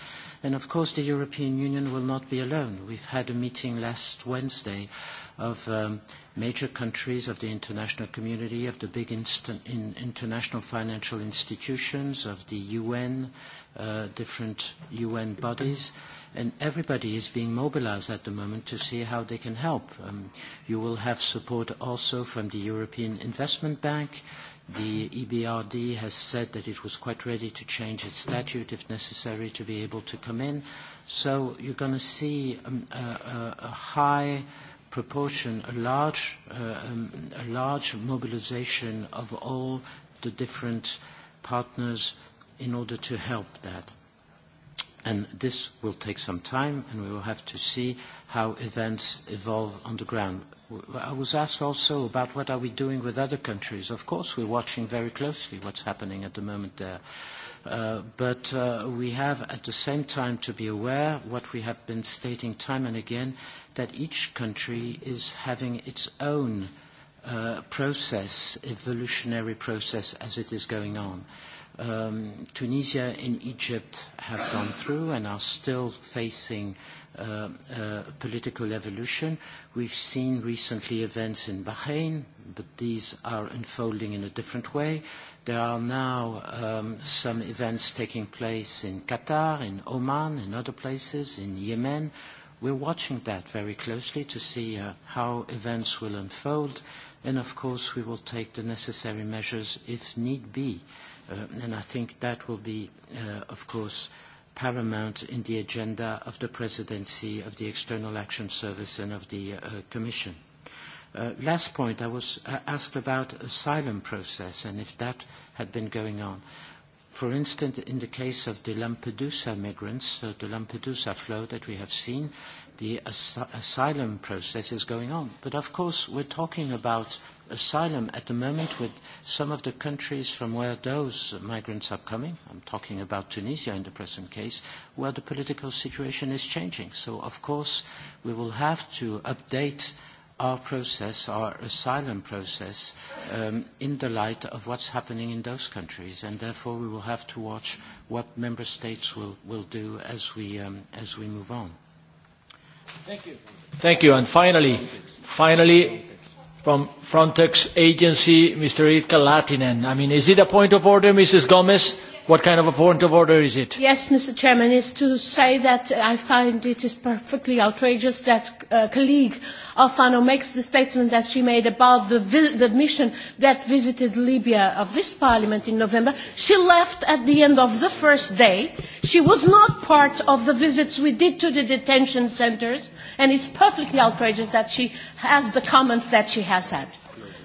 And of course the European Union will not be alone. We've had a meeting last Wednesday of um, major countries of the international community, of the big inst in international financial institutions, of the UN, uh, different UN bodies. Mm -hmm and everybody is being mobilized at the moment to see how they can help. Um, you will have support also from the European Investment Bank. The EBRD has said that it was quite ready to change its statute if necessary to be able to come in. So you're going to see um, a, a, a high proportion, a large, uh, um, a large mobilization of all the different partners in order to help that. And this will take some time, and we will have to see how events evolve on the ground. I was asked also about what are we doing with other countries. Of course, we're watching very closely what's happening at the moment there. Uh, but uh, we have at the same time to be aware what we have been stating time and again, that each country is having its own uh, process, evolutionary process as it is going on. Uh, um, Tunisia and Egypt have gone through and are still facing uh, uh, political evolution. We've seen recently events in Bahrain, but these are unfolding in a different way. There are now um, some events taking place in Qatar, in Oman, in other places, in Yemen. We're watching that very closely to see uh, how events will unfold and of course we will take the necessary measures if need be. Uh, and I think that will be, uh, of course, paramount in the agenda of the presidency, of the External Action Service and of the uh, Commission. Uh, last point, I was uh, asked about asylum process and if that had been going on. For instance, in the case of the Lampedusa migrants, so uh, the Lampedusa flow that we have seen, the as asylum process is going on. But of course, we're talking about asylum at the moment with some of the countries from where those migrants are coming. I'm talking about Tunisia in the present case, where the political situation is changing. So, of course, we will have to update our process, our asylum process, um, in the light of what's happening in those countries. And therefore we will have to watch what member states will, will do as we, um, as we move on. Thank you. Thank you. And finally, finally, from Frontex agency, Mr. Ilka Latinen. I mean, is it a point of order, Mrs. Gomez? What kind of a point of order is it? Yes, Mr. Chairman, is to say that I find it is perfectly outrageous that a uh, colleague of Fano makes the statement that she made about the, the mission that visited Libya of this parliament in November. She left at the end of the first day. She was not part of the visits we did to the detention centers, and it's perfectly outrageous that she has the comments that she has had.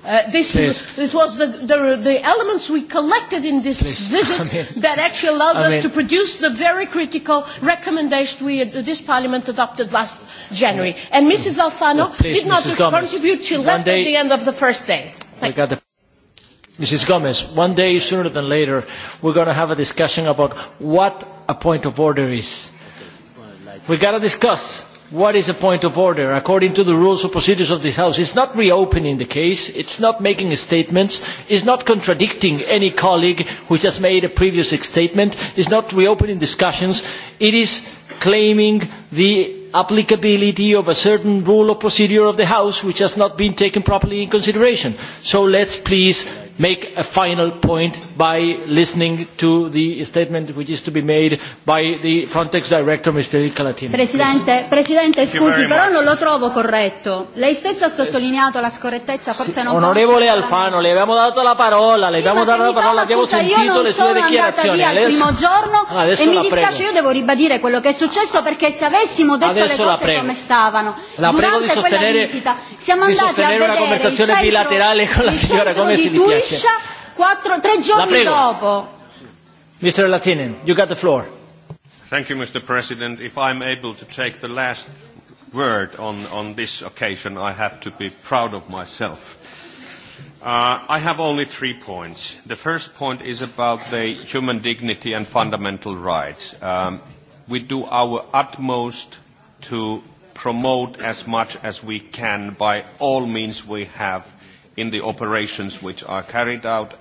Uh, this was, it was the, the, the elements we collected in this Please. visit I mean, that actually allowed I us mean, to produce the very critical recommendation we, uh, this Parliament adopted last January. Yeah. And Mrs. Alfano please, did not Mrs. contribute. She left day, at the end of the first day. Thank you. Mrs. Gomez, one day sooner than later, we're going to have a discussion about what a point of order is. We've got to discuss What is a point of order? According to the rules of procedures of this House, it's not reopening the case, it's not making statements, it's not contradicting any colleague who just made a previous statement, it's not reopening discussions, it is claiming the applicability of a certain rule of procedure of the House which has not been taken properly in consideration. So let's please make a final point by listening to the statement which is to be made by the Frontex Director, Mr. Calatini. Presidente, Presidente scusi, però non lo trovo corretto. Lei stessa ha eh, sottolineato la scorrettezza, forse sì, non Onorevole Alfano, le abbiamo dato la parola, le abbiamo dato la parola, abbiamo sentito le sue dichiarazioni. Io non sono andata via il primo giorno ah, adesso e mi dispiace, prego. io devo ribadire quello che è successo perché se avessimo detto adesso le cose come stavano, la durante prego di sostenere, quella visita, siamo andati a vedere una conversazione bilaterale con la signora Gomez di Tui, striscia quattro, tre giorni dopo. Mr. Latinen, you got the floor. Thank you, Mr. President. If I'm able to take the last word on, on this occasion, I have to be proud of myself. Uh, I have only three points. The first point is about the human dignity and fundamental rights. Um, we do our utmost to promote as much as we can by all means we have in the operations which are carried out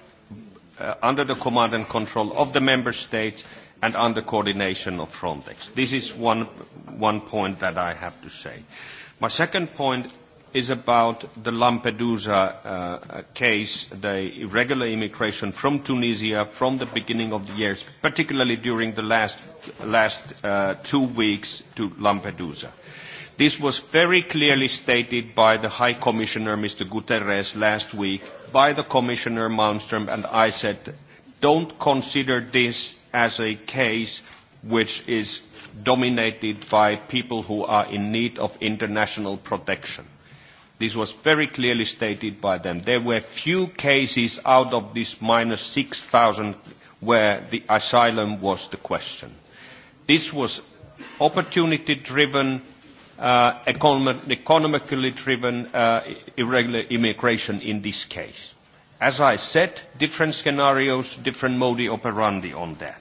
uh, under the command and control of the member states and under coordination of Frontex. This is one, one point that I have to say. My second point is about the Lampedusa uh, case, the irregular immigration from Tunisia from the beginning of the years, particularly during the last, last uh, two weeks to Lampedusa. Uh, This was very clearly stated by the High Commissioner, Mr. Guterres, last week, by the Commissioner Malmström, and I said, don't consider this as a case which is dominated by people who are in need of international protection. This was very clearly stated by them. There were few cases out of this minus 6,000 where the asylum was the question. This was opportunity-driven uh, economic, economically driven uh, irregular immigration in this case. As I said, different scenarios, different modi operandi on that.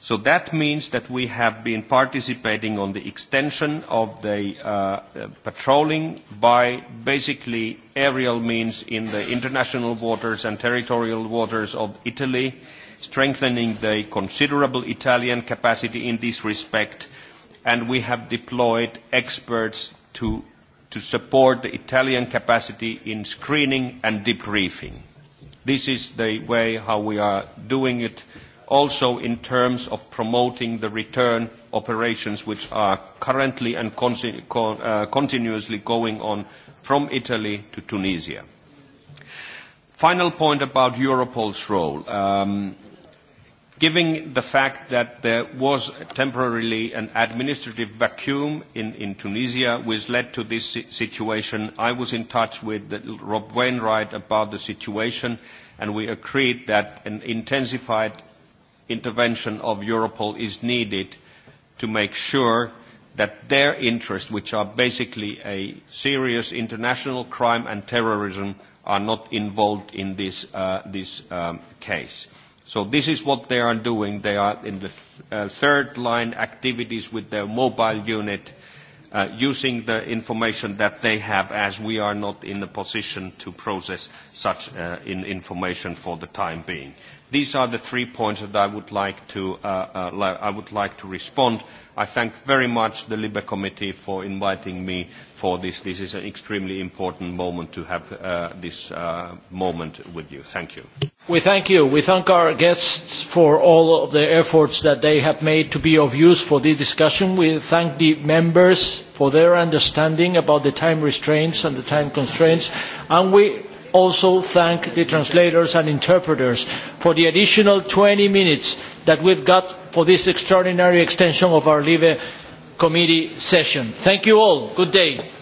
So that means that we have been participating on the extension of the uh, uh, patrolling by basically aerial means in the international waters and territorial waters of Italy, strengthening the considerable Italian capacity in this respect – and we have deployed experts to, to support the Italian capacity in screening and debriefing. This is the way how we are doing it, also in terms of promoting the return operations which are currently and con uh, continuously going on from Italy to Tunisia. Final point about Europol's role. Um, Given the fact that there was temporarily an administrative vacuum in, in Tunisia which led to this situation, I was in touch with Rob Wainwright about the situation and we agreed that an intensified intervention of Europol is needed to make sure that their interests, which are basically a serious international crime and terrorism, are not involved in this, uh, this um, case. So this is what they are doing. They are in the uh, third line activities with their mobile unit uh, using the information that they have as we are not in a position to process such uh, in information for the time being. These are the three points that I would like to, uh, uh, I would like to respond I thank very much the LIBE Committee for inviting me for this. This is an extremely important moment to have uh, this uh, moment with you. Thank you. We thank you. We thank our guests for all of the efforts that they have made to be of use for this discussion. We thank the members for their understanding about the time restraints and the time constraints. And we also thank the translators and interpreters for the additional 20 minutes that we've got for this extraordinary extension of our LIBE committee session. Thank you all. Good day.